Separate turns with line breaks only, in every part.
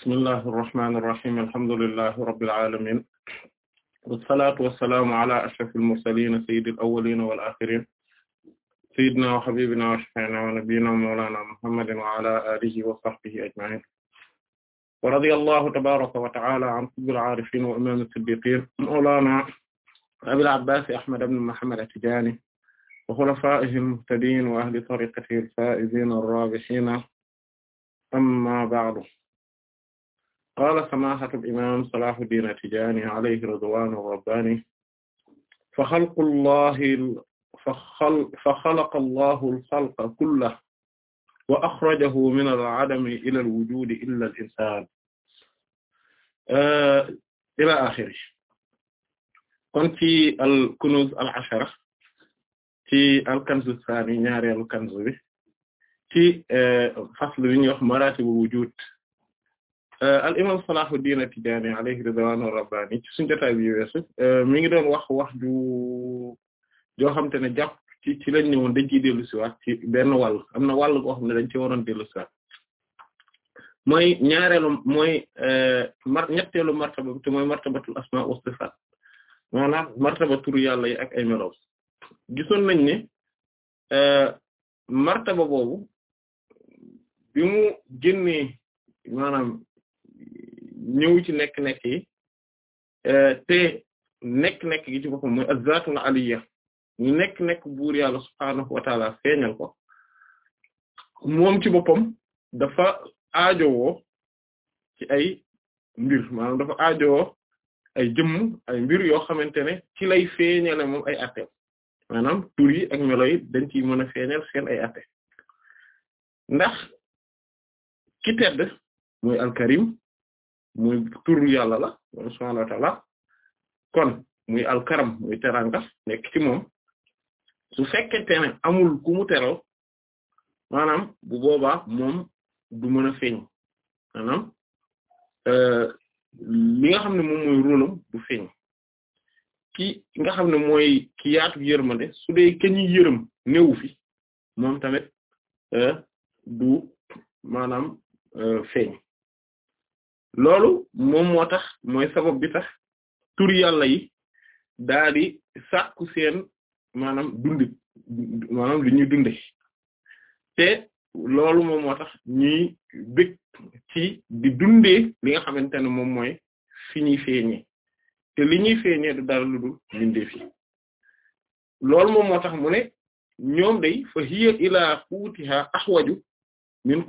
bismillahi irrahmani irrahim alhamdulillahi rabbil alamin wassalatu wassalaamu ala ashrafil mursalin sayyidil awwalin wal akhirin sayyidina wa habibina wa shafi'ina wa nabiyyina mawlana muhammadin wa ala alihi wa sahbihi ajma'in wa radiyallahu tabaraka wa ta'ala an qutbil arifin wa imam as-siddiqin mawlana abil abbas ahmad ibn muhammad at-tijani wa khulafaihi al-muhtadin wa ahli tariqatihi al-faizin ar-rabihin amma ba'du qaala samaahatu al-imaam Salaahuddin at-Tijaani alayhi ridwaanu rabbaani fa xalaqu llaahi fa xalaqa llaahu al-xalqa kullahu wa axrajahu min al-adami ila al-wujuudi illa al-insaan ila aaxiri kon ci al-kunuuz al-ashara ci al-kanz as-saani ñaareelu kanz bi ci fasl bi ñuy wax maraatibul wujuud Euh, al imam Salahuddin At-Tidjânî alayhi ridwanu rabbani ci suñu bi weesu euh, mi ngi doon wax wax ju joo xam te ne jàpp ci ci lañ ne woon dañ ciy dellu siwaat ci benn wàll am na wàll goo xam ne dañ ci waroon dellu siwaat mooy ñaareelu mooy euh, mar ñetteelu martaba te mooy martabatul asma wa sifat maanaam martaba turu yàlla yi ak ay meloom gisoon nañ ne martaba boobu bi mu génnee ñëw ci nekk-nekk yi euh, te nekk-nekk gi ci boppam mooy azzatul aliyya ñu nekk-nekk buur yàlla subhaanahu wa taala ko moom ci boppam dafa aajowoo ci ay mbir maanaam dafa aajowoo ay jëmm ay mbir yoo xamante ne ci lay feeñale moom ay atte maanaam tur ak melo yi dañ ciy mën a feeñal ay atte ndax ki tedd mooy alkarim muy tur yàlla la subhaanahu wa ta'aala kon muy alkaram muy teranga nekk ci moom su fekkente ne amul ku teral maanaam bu boobaa moom du mën a feeñ maanaam euh, li nga xam ne moom mooy rólam du feeñ ki nga xam ne mooy ki yaatu yërmande su dee ke ñuy yërëm néewu fi moom tamit euh, du maanaam euh, feeñ loolu moom moo tax mooy sabab bi tax tur yàlla yi daa di sàkku seen maanaam dundi maanaam li ñuy dunde te loolu moom tax ñuy bëgg ci di dundee li nga xamante ne moom mooy fi ñuy feeñee te li ñuy feeñee du dara lu dul bindee fi loolu moom moo tax mu ne ñoom day fa hiya ilaa quutiha ahwaju min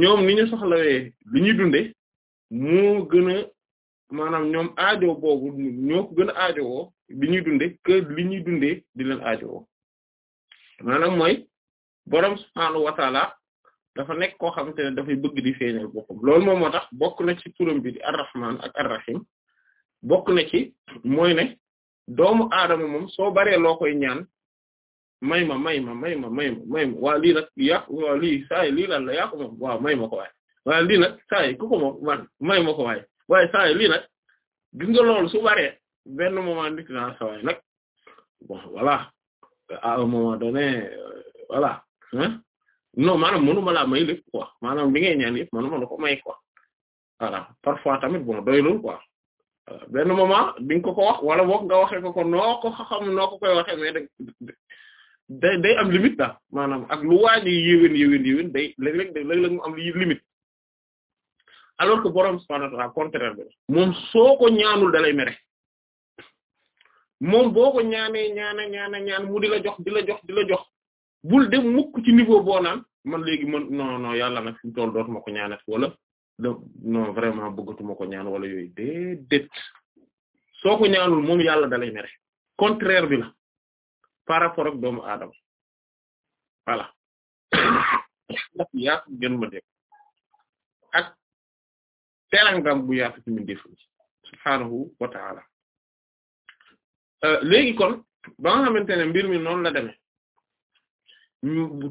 ñoom ni ñu soxlawee li ñuy dunde mu gën a maanaam ñoom aajo boobu ñoo ko gën a aajowoo li ñuy dunde que li ñuy dundee di leen aajowoo maanaam mooy boroom subhaanahu wa taala dafa nekk koo xamante ne dafay bëgg di feeñal boppam loolu moom moo tax bokk na ci turam bi di arrahman ak arrahim bokk na ci mooy ne doomu aadama moom soo baree loo koy ñaan may ma may ma may ma may ma may ma waa lii may ma ko lii may ma ko waaye waaye saa yi lii nag gis nga loolu su waree euh, ma laa may lépp quoi maanaam li ngay ñaan yëpp mënu ma ko may quoi voilà parfois tamit bon doylu quoi euh, benn moment di nga ko ko wax wala boog nga waxe ko ko noo ko xam noo day day am limite daal maanaam ak lu waaji yéwén yéwén yéwén day léeg-léeg mu am limite alors que borom subhanahu wa ta'ala contraire bi moom soo ko ñaanul dalay mere moom boo ko ñaanee ñaana ñaana ñaan mu di la jox di la jox di la jox bul dem mukk ci niveau boo naan man léegi man non non yàlla nag fi mu toll ko ñaanat wala de vraiment bëggatuma ko ñaan wala yooyu déedéet soo yàlla dalay mere contraire bi par rapport ak doomu aadama voilà ndax yaatu ma def ak terangam bu yaatu ci mu def subhaanahu wa euh, léegi kon ba nga xamante ne mbir mi noonu la demee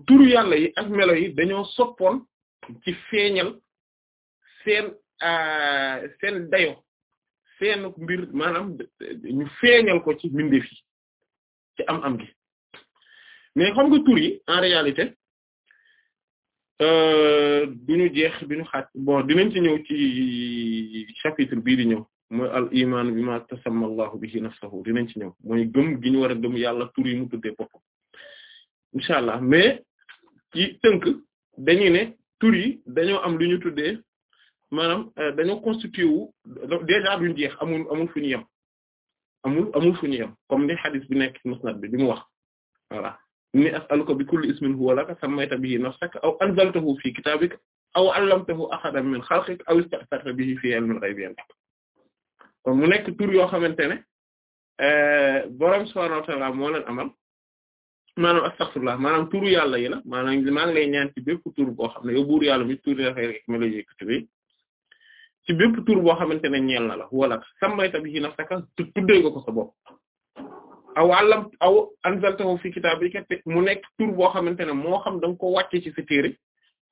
turu yàlla yi ak melo yi dañoo soppoon ci feeñal seen euh, seen dayo seen mbir maanaam ñu feeñal ko ci mbindeef yi ci am am gi mais xam nga tur yi en réalité euh, duñu jeex duñu xaaj bon dinañ ci ñëw ci chapitre bii di ñëw mooy al iman bi ma tasamma Allahu bihi nafsahu dinañ ci ñëw mooy gëm gi ñu war a gëm yàlla tur yi mu tuddee boppam incha allah mais ci tënk dañuy ne tur yi dañoo am lu ñu tuddee maanaam euh, dañoo constitué wu déjà duñ jeex amul amul fu ñu yem amul amul fu ñu yem comme ni xadis bi nekk ci bi bi mu wax voilà inni as'aluka bi kulli ismin huwa laka sammayta bihi nafsaka aw anzaltahu fi kitabika aw 'allamtahu ahadan min xalqika aw ista'tharta bihi fi ilmil ghaybi kon mu nekk tur yoo xamante ne euh, borom subhaanahu wa ta'aala moo leen amal maanaam astaghfirullah maanaam turu yàlla yi la maanaam maa ngi lay ñaan ci bépp tur boo xam ne yow bur yàlla mi turu yi dafay rek ma lay yëkkati ci bépp tur boo xamante ne ñeel na la wala sammayta bihi nafsaka te tuddee nga ko sa bopp aw àllam aw anzaltahu fi kitabika mu nekk tur boo xamante ne moo xam da nga ko wàcce ci sa téere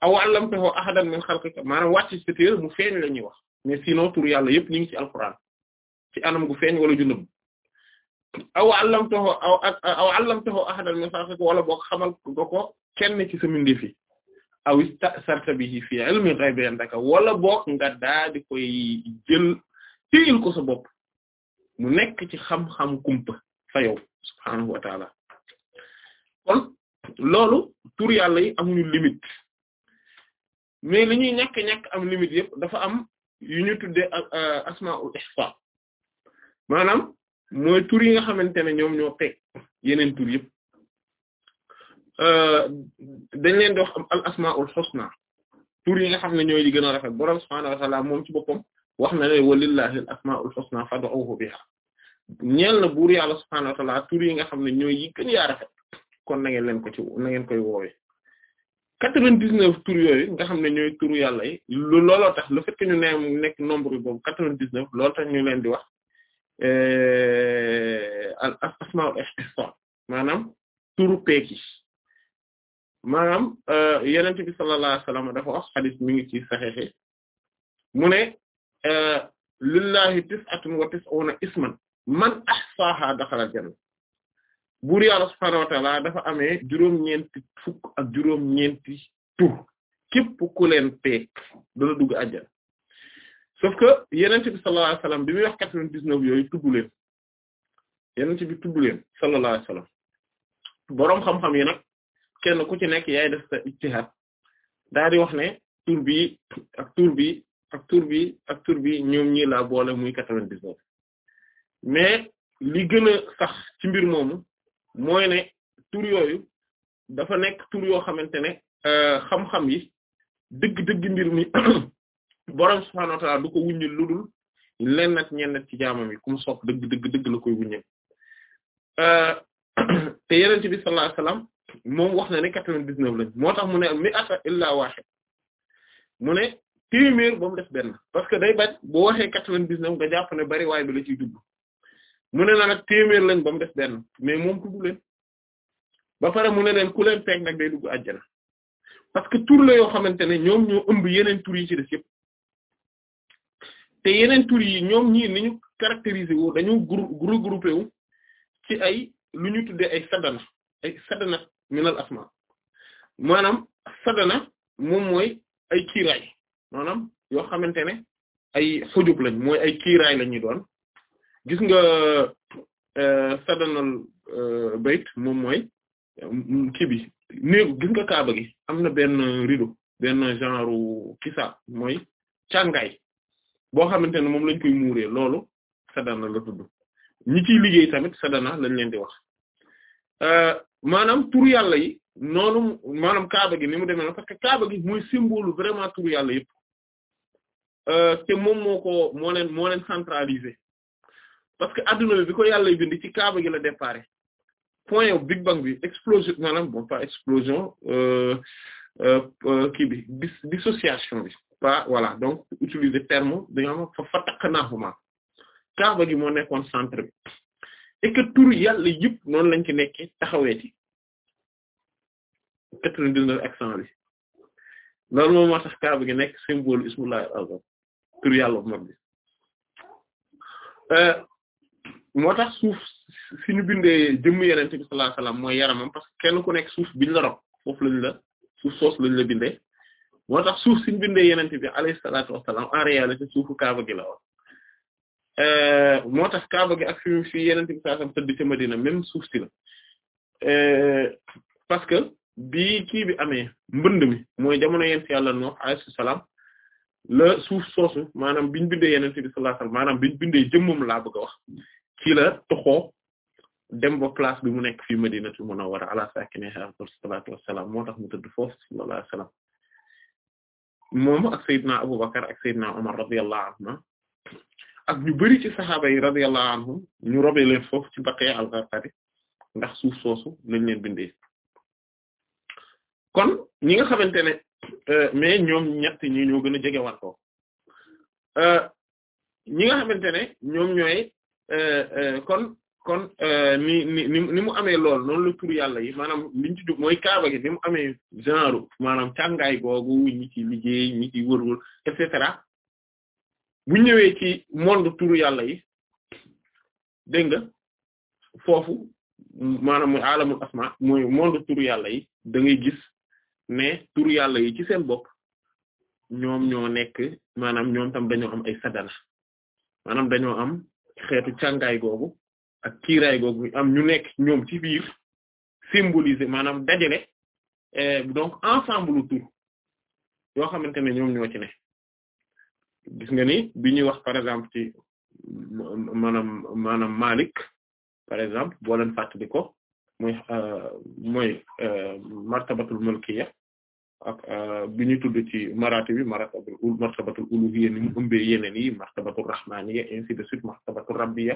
aw allamtahu ahadan min xalqika maanaam wàcce ci sa téere mu feeñ la ñuy wax mais sinon tur yàlla yëpp ñu ngi ci alquran ci anam gu feeñ wala ju nëbb aw allamtahu aw allamtahu ahadan min xalqika wala boo xamal nga ko kenn ci sa mbindeef yi aw istasarta bihi fi ilmi ghaybi indaka wala boog nga daa koy jël téyil ko sa mu nekk ci xam-xam kumpa fa yow subhaanahu wa kon loolu tur yàlla am amuñu limite mais li ñuy ñàkk ñàkk am limite yëpp dafa am yu ñu tuddee asmaul ihsa maanaam mooy tour yi nga xamante ne ñoom ñoo teg yeneen tur yëpp Euh, dañ leen di wax al asmaul yi nga xam ne ñooy li rafet borom subhaanahu wa ta'aala moom ci boppam wax na ne walillahi al asmaul husna fad'uhu biha ñeel na buur yàlla subhaanahu wa ta'aala tur yi nga xam ne ñooy yi yaa rafet kon na ngeen leen ko ci na koy woowe quatre nga xam ne ñooy turu yàlla yi lu looloo tax le fait ñu ne nekk nombre boobu quatre-vingt-dix-neuf loolu tax ñu leen di wax euh, al asmaul ihsan maanaam turu peek maanaam euh, yenent bi sallallahu alayhi wasallam dafa wax xadis mi ngi ci saxexe mu ne euh, lillahi tis'atun wa tis'una isman man ahsaha daxala janna buur yàlla subhaanahu wa ta'ala dafa ame juróom-ñeenti fukk ak juróom-ñeenti tur képp ku leen peek dana dugg àjjana sauf que yenent bi sallallahu alayhi wasallam bi muy wax quatre vingt yooyu tudd leen yenent bi tudd leen sallallahu boroom xam-xam yi kenn ku ci nekk yaay def sa ijtihad daal di wax ne tur bi ak tur bi ak tur bi ak tur bi ñoom ñi laa boole muy quatre vingt mais li gën a sax ci mbir moomu mooy ne tur yooyu dafa nekk tur yoo xamante ne euh, xam-xam yi dëgg-dëgg mbir mi boroom subhaanahu wa ta'aala du lu dul len nag ñenn ci jaamam yi ku mu sopp dëgg dëgg dëgg la koy wuññil euh, te yeneen bi sallallahu alayhi moom wax na ne quatre vingt dix moo tax mu ne mi'ata illa wahid mu ne téeméer ba mu def benn parce que day bañ boo waxee quatre-vingt-dix-neuf nga jàpp ne bari waay bi la ciy dugg mu ne na nag téeméer lañ ba mu benn mais moom tudd leen ba pare mu ne leen ku leen peeg nag day dugg àjjana parce que tur la yoo xamante ne ñoom ñoo ëmb yeneen tur yi ci def yëpp te yeneen tur yi ñoom ñii ni ñu caractériser dañu groupe groupé ci ay lu ñu tuddee ay sadana ay sadana minal asma maanaam sadana moom mooy ay kiiraay maanaam yoo xamante ne ay xujub lañ mooy ay kiiraay la ñuy doon gis nga euh, sadanal euh, bayt moom mooy euh, kii bi néegu gi am na benn rideau benn genre kisa mooy càngaay boo xamante ne moom lañ koy muuree loolu sadana la tudd ñi ciy liggéey tamit sadana lañ leen di wax maanaam tur yàlla yi noonu maanaam kaaba gi ni mu demee noonu parce que kaaba gi mooy symbole vraiment tur yàlla yëpp euh, te moom moo ko moo leen moo leen centralisé parce que adduna bi bi ko yàlla bind ci kaaba gi la départ point big bang bi explosion maanaam bon pas explosion euh, euh, kii bi dis dissociation bi pas voilà donc utiliser terme bi nga xam fa fa takk naaxuma kaaba gi moo nekkoon centre bi et que tur yàlla yëpp noonu lañ ci nekke taxawee ci quatre vingt accent bi loolu moom moo tax kaaba gi nekk symbole ismullahi al-azam tur yàlla bu mag bi euh, moo tax suuf si ñu bindee jëmm yenente bi sallallahu alayhi wasallam mooy yaramam parce que kenn ku nekk suuf biñ la rob foofu lañ la suuf soos lañ la bindee moo tax suuf si ñu bindee yenente bi alayhi salaatu wassalaam en réalité suufu kaaba gi la woon Euh, moo tax Kaaba gi ak fi mu fi yeneen bi saa sam tëdd Madina même suuf si la euh, parce que bi kii bi amee mbënd mi mooy jamono yent yàlla Nuh alayhi salaam la suuf soosu maanaam biñ bindee yeneen bi sallallahu alayhi bindee jëmmam laa a wax ci la toxoo dem mu nekk fii Madinatu Munawwara ala sakiniha afdalu salaatu wassalaam moo tax mu tëdd foofu moom ak Seydina Abubakar ak Seydina Umar radiyallahu anhuma ak ñu bari ci saxaaba yi radiyallahu anhum ñu robee leen foofu ci Baqiya al-Gharqadi ndax suuf soosu lañ leen bindee kon ñi nga xamante ne euh, mais ñoom ñett ñi ñoo gën a jege wantoo euh, nga xamante ne ñoom ñooy euh, kon kon ni ni ni mu amee lool noonu la yàlla yi maanaam liñ ci dugg mooy kaaba gi ni mu amee genre maanaam càngaay googu ñi liggéey ñi ci wër-wër mu ñëwee ci monde turu yàlla yi dégg nga foofu maanaam mooy alamul asma mooy monde turu yàlla yi da gis ne turu yàlla yi ci seen bopp ñoom ñoo nekk maanaam ñoom tam dañoo am ay sadana maanaam dañoo am xeetu càngaay googu ak kiiraay googu am ñu nekk ñoom ci biir symboliser maanaam dajale eh, donc ensemble tur yoo xamante ne ñoom ñoo ci ne gis nga ni bi ñuy wax par exemple ci maanaam maanaam Malik par exemple boo leen fàttali ko euh, mooy mooy euh, martabatul mulkiya ak euh, bi ñuy tudd ci maraati bi martabatul ul martabatul uluhiyya ni mu ëmbee yeneen yi martabatul rahmaniyya ainsi de suite martabatul rabbiyya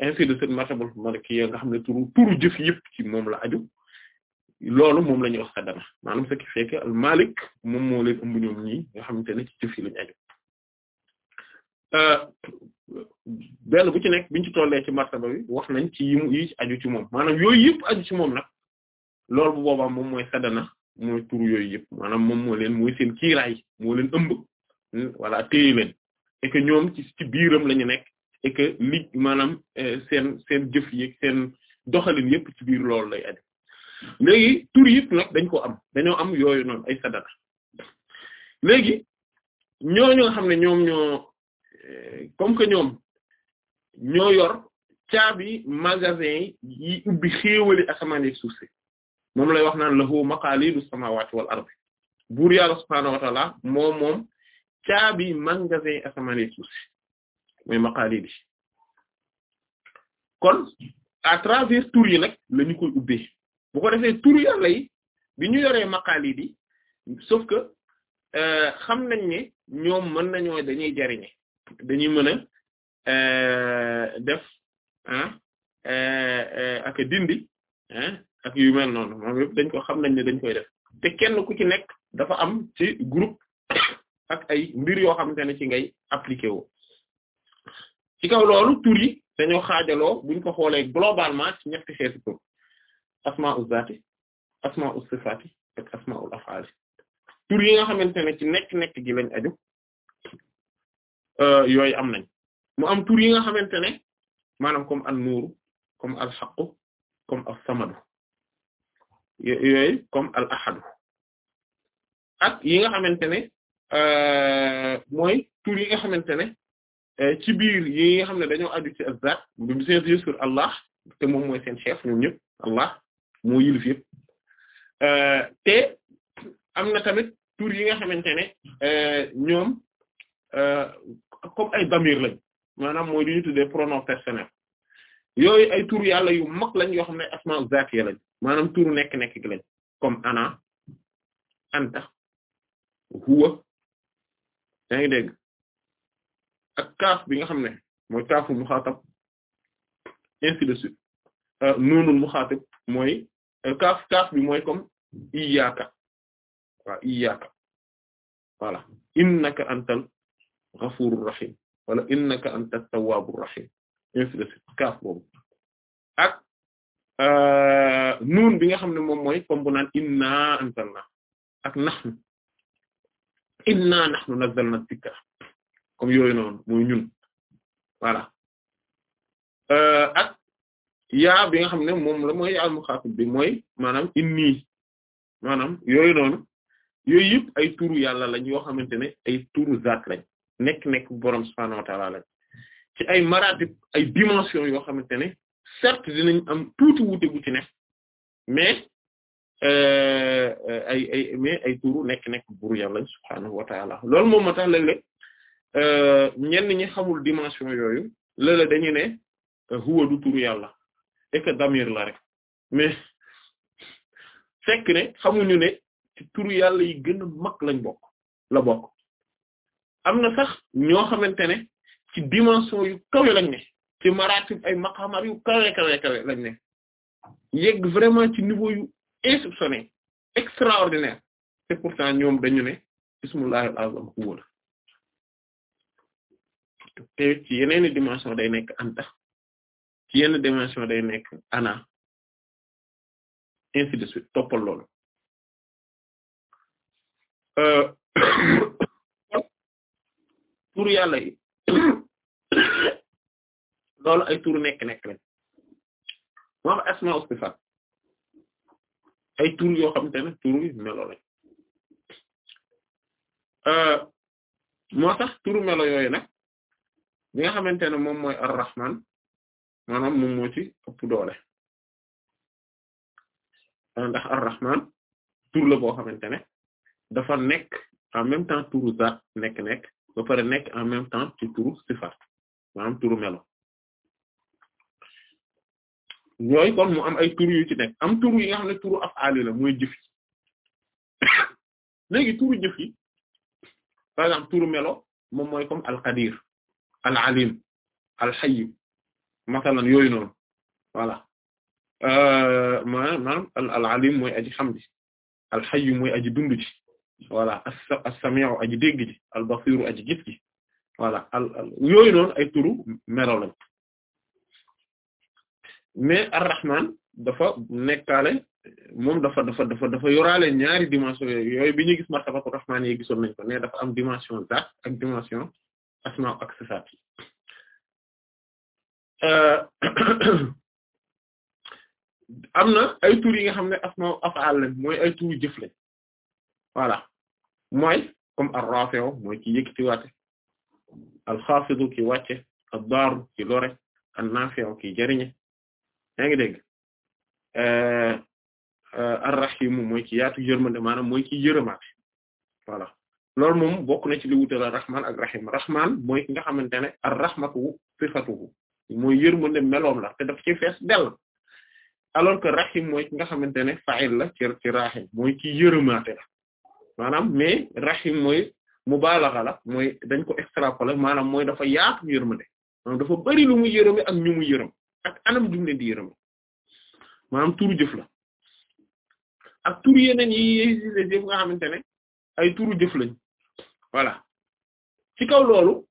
ainsi de suite martabatul malikiyya nga xam ne turu turu jëf ci moom la aju loolu moom la ñuy wax xadana maanaam ce al Malik moom moo leen ëmb ñoom ñi nga xamante ne ci jëf yi aju Euh, benn bu ci nekk biñ ci tollee ci martaba bi wax nañ ci yi ci aju ci moom maanaam yooyu yëpp aju ci moom nag lool bu boobaa moom mooy sadana mooy turu yooyu yëpp maanaam moom moo leen mooy seen kiiraay moo leen ëmb wala hmm, téye ñoom biiram la ñu li maanaam euh, seen seen jëf yeeg seen doxalin yëpp ci biir loolu lay aju léegi tur yëpp nag dañ ko am dañoo am yooyu noonu ay sadana léegi ñooñu xam ne ñoom ñoo Euh, comme que ñoom ñoo yor caabi magasin yi ubbi xéewali asamaan yi suuf si moom lay wax naan lahu maqalidu samawati wal ardi buur yàlla subhaanahu wa ta'ala moom moom caabi magasin yi asamaan yi suuf si mooy kon à travers tur yi nag la ñu koy ubbee bu ko defee tur yàlla yi bi ñu yoree maqalidi sauf que euh, xam nañ ne ñoom mën nañoo dañuy jariñe dañuy mën a euh, def euh, ak dindi ah ak yu mel noonu moom dañ ko xam nañ ne dañ koy def te kenn ku ci nekk dafa am ci groupe ak ay mbir yoo xamante ne ci ngay appliquer wu ci kaw loolu tur yi dañoo xaajaloo buñ ko xoolee globalement ci ñetti xeetu tur asma'u zati asma'u sifati ak asma'ul af'ali tur yi nga xamante ne ci nekk nekk gi lañ aju Euh, yooyu am nañ mu am tur yi nga xamante ne maanaam comme an-nuuru comme al-haqqu comme as yooyu comme al-ahadu ak yi nga xamante ne euh, mooy tur yi nga xamante ne euh, ci biir yi nga xam ne dañoo aju ci azzaat bi seen bien Allah te moom mooy seen chef ñoom ñëpp Allah moo te am na tamit tour yi nga xamante ne ñoom Euh, comme ay damir lañ maanaam mooy li ñu tuddee pronom personnel yooyu ay tur yàlla yu mag lañ yoo xam ne asma zaatiya lañ maanaam turu nekk-nekk lañ comme ana anta huwa yaa ngi dégg ak kaaf bi nga xam ne mooy kaafu muxaatab ainsi de suite euh, noonul muxaatab mooy euh, kaaf kaaf bi mooy comme iyyaka waaw iyyaka voilà innaka antal ghafurur rahim wala innaka antat tawwabur rahim ainsi de suite kaaf boobu ak euh, nuun bi nga xam ne moom mooy comme bu naan inna anzalna ak nahnu inna nahnu nazzalna dhikra comme yooyu noonu mooy ñun voilà euh, ak yaa bi nga xam ne moom la mooy yaa muxaatib bi mooy maanaam inni maanaam yooyu noonu yooyu yëpp ay turu yàlla lañ yoo xamante ne ay turu zaat lañ nekk-nekk bu borom subhaanahu wa ta'ala la ci ay maratib ay dimension yoo xamante ne certes dinañ am tuuti wuute gu ci nekk mais euh, ay ay mais ay turu nekk-nekk buur yàlla subhaanahu wa ta'ala loolu moom moo tax léeg-léeg euh, ñenn ñi xamul dimension yooyu loola dañu ne huwa du turu yàlla et que damir la rek mais fekk ne xamuñu ne turu yàlla yi gën a lañ bokk la bokk am na sax ñoo xamante ne ci dimension yu kawe lañ ne ci maratib ay maqamar yu kawe kawe kawe lañ ne yegg vraiment ci niveau yu extraordinaire te pourtant ñoom dañu ne bismillahil azam wóla te ci yeneen dimension day
nekk anta ci yenn dimension day nekk ana ainsi de suite toppal loolu euh,
tur yàlla yi loolu ay tur nekk-nekk lañ moom asma usifat ay tur yoo xamante ne tur yi melo lañ euh, moo tax turu melo yooyu nag bi nga xamante ne moom mooy
ar-rahman maanaam moom moo ci ëpp doole
euh, ndax ar-rahman tur la boo xamante ne dafa nekk en même temps turu zaat nekk-nekk ba pare nekk en même temps ci turu sifaat maanaam turu melo yooyu kon mu am ay turu yu ci nekk am turu yi nga xam ne turu af'aali la mooy jëf yi léegi turu jëf yi par exemple melo moom mooy comme al-qadir al-alim al-hayy masalan yooyu noonu voilà euh, maanaam al-alim mooy aji xam ji al-hayy mooy aji dund voilà as-sami'u aji dégg ji al-basiru aji gis gi voilà al yooyu noonu ay turu melo lañ mais ar-rahman dafa nekkaale moom dafa dafa dafa dafa yoraale ñaari dimension yooyu yooyu bi ñuy gis martabatu rahman yi gisoon nañ ko ne dafa am dimension zaat ak dimension asma ak sifaat yi
euh, am ay tur nga
xam ne asma af'al lañ mooy ay turu jëf voilà mooy comme ar-rafi'u mooy ki yëkkatiwaate al-xaafidu ki wàcce ad-daaru ki lore an-naafi'u ki jariñe yaa ngi dégg ar-rahimu mooy ki yaatu yërmande maanaam mooy ki yërëmaate voilà loolu moom bokk na ci li wutal rahman ak rahim rahman moy ki nga xamante ne ar-rahmatu sifatuhu mooy yërmande te daf ci fees dell alors que rahim mooy ki nga xamante ne fa'il la ci ci rahim ki yërëmaate maanaam mais rahim mooy mu mubaalaxa la mooy dañ ko extrapoler maanaam mooy dafa yaatu yërmande maanaam dafa bari lu muy yërëme ak ñu yërëm ak anam jum leen di yërëme maanam turu jëf la ak turu yeneen yi yéy jëf nga xamante ne ay turu jëf lañ voilà ci kaw loolu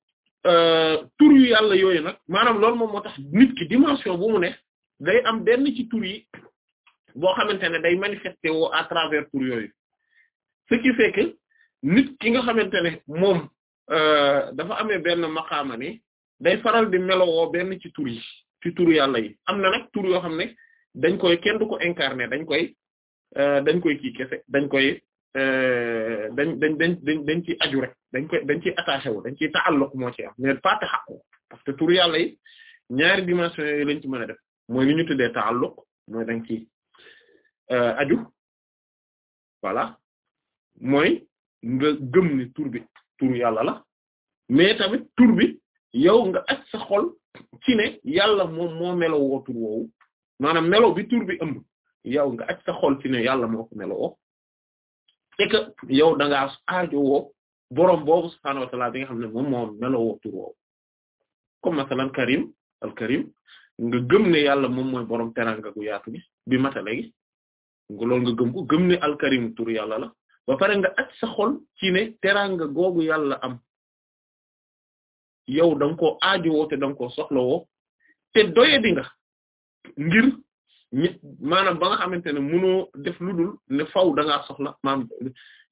euh, tur yu yàlla yooyu nag maanaam loolu moom moo tax nit ki dimension bu mu ne day am benn ci tur yi boo xamante ne day manifesté woo à travers tur yooyu ce qui fait que nit ki nga xamante ne moom euh, dafa amee benn maqaama ne day faral di melowoo benn ci tur yi ci turu yàlla yi am na nag tur xam ne dañ koy kenn du ko incarner dañ koy euh, dañ koy kii kese dañ koy euh, dañ dañ dañ dañ dañ ciy ajou rek dañ koy dañ ciy attaché wu dañ ciy ta'alluq moo ci am mais pas taxaqu parce que turu yàlla yi ñaari dimension yooyu lañ ci mën a def mooy li ñu tuddee ta'alluq mooy dañ ciy aju voilà mooy nga gëm ni tur bi tur yàlla la mais tamit tur bi yow nga aj sa xol ci ne yàlla moom moo melo woo tur woowu maanaam melo bi tur bi ëmb yow nga aj sa xol ci ne yàlla moo ko melo woo c'est que yow da ngaa aajo woo boroom bi nga xam ne moom moo melo woo tur woowu comme masalan nga gëm ne yàlla moom mooy boroom teranga gu yaatu gi bi matale gi nga loolu nga gëm ko gëm ne tur yàlla la ba pare nga aj sa xol ci ne teraanga googu yàlla am yow da ko koo aajowoo te da nga koo soxlawoo te doye di ngir ñi maanaam ba nga xamante ne munoo def lu dul ne faw da ngaa soxla maanaam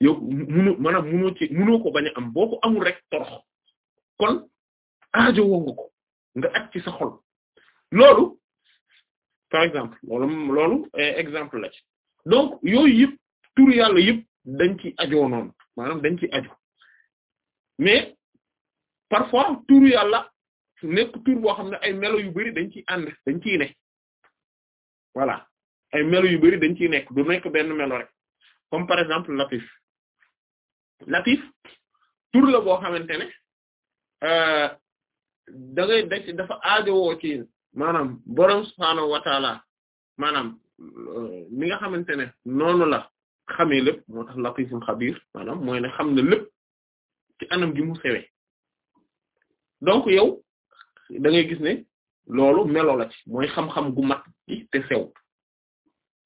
yow munoo maanaam munoo ko bañ am boo ko amul rek torox kon aajowoo nga ko nga aj ci sa par exemple loolu eh, exemple la donc yooyu yëpp tur yàlla yëpp dañ ci ajoo noonu maanaam dañ ci aju mais parfois turu yàlla nekk tur boo xam ne ay melo yu bari dañ ciy ànd dañ ciy ne voilà ay melo yu bari dañ ciy nekk du nekk benn melo rek comme par exemple latif latif tur la boo xamante ne euh, da ngay da dafa aajowoo ci maanaam borom subhaanahu wa taala maanaam mi euh, nga xamante ne noonu la xamee lépp moo tax latifun xabir maanaam mooy ne xam na lépp ci anam gi mu sewee donc yow da ngay gis ne loolu melo la ci mooy xam-xam gu mat gi te sew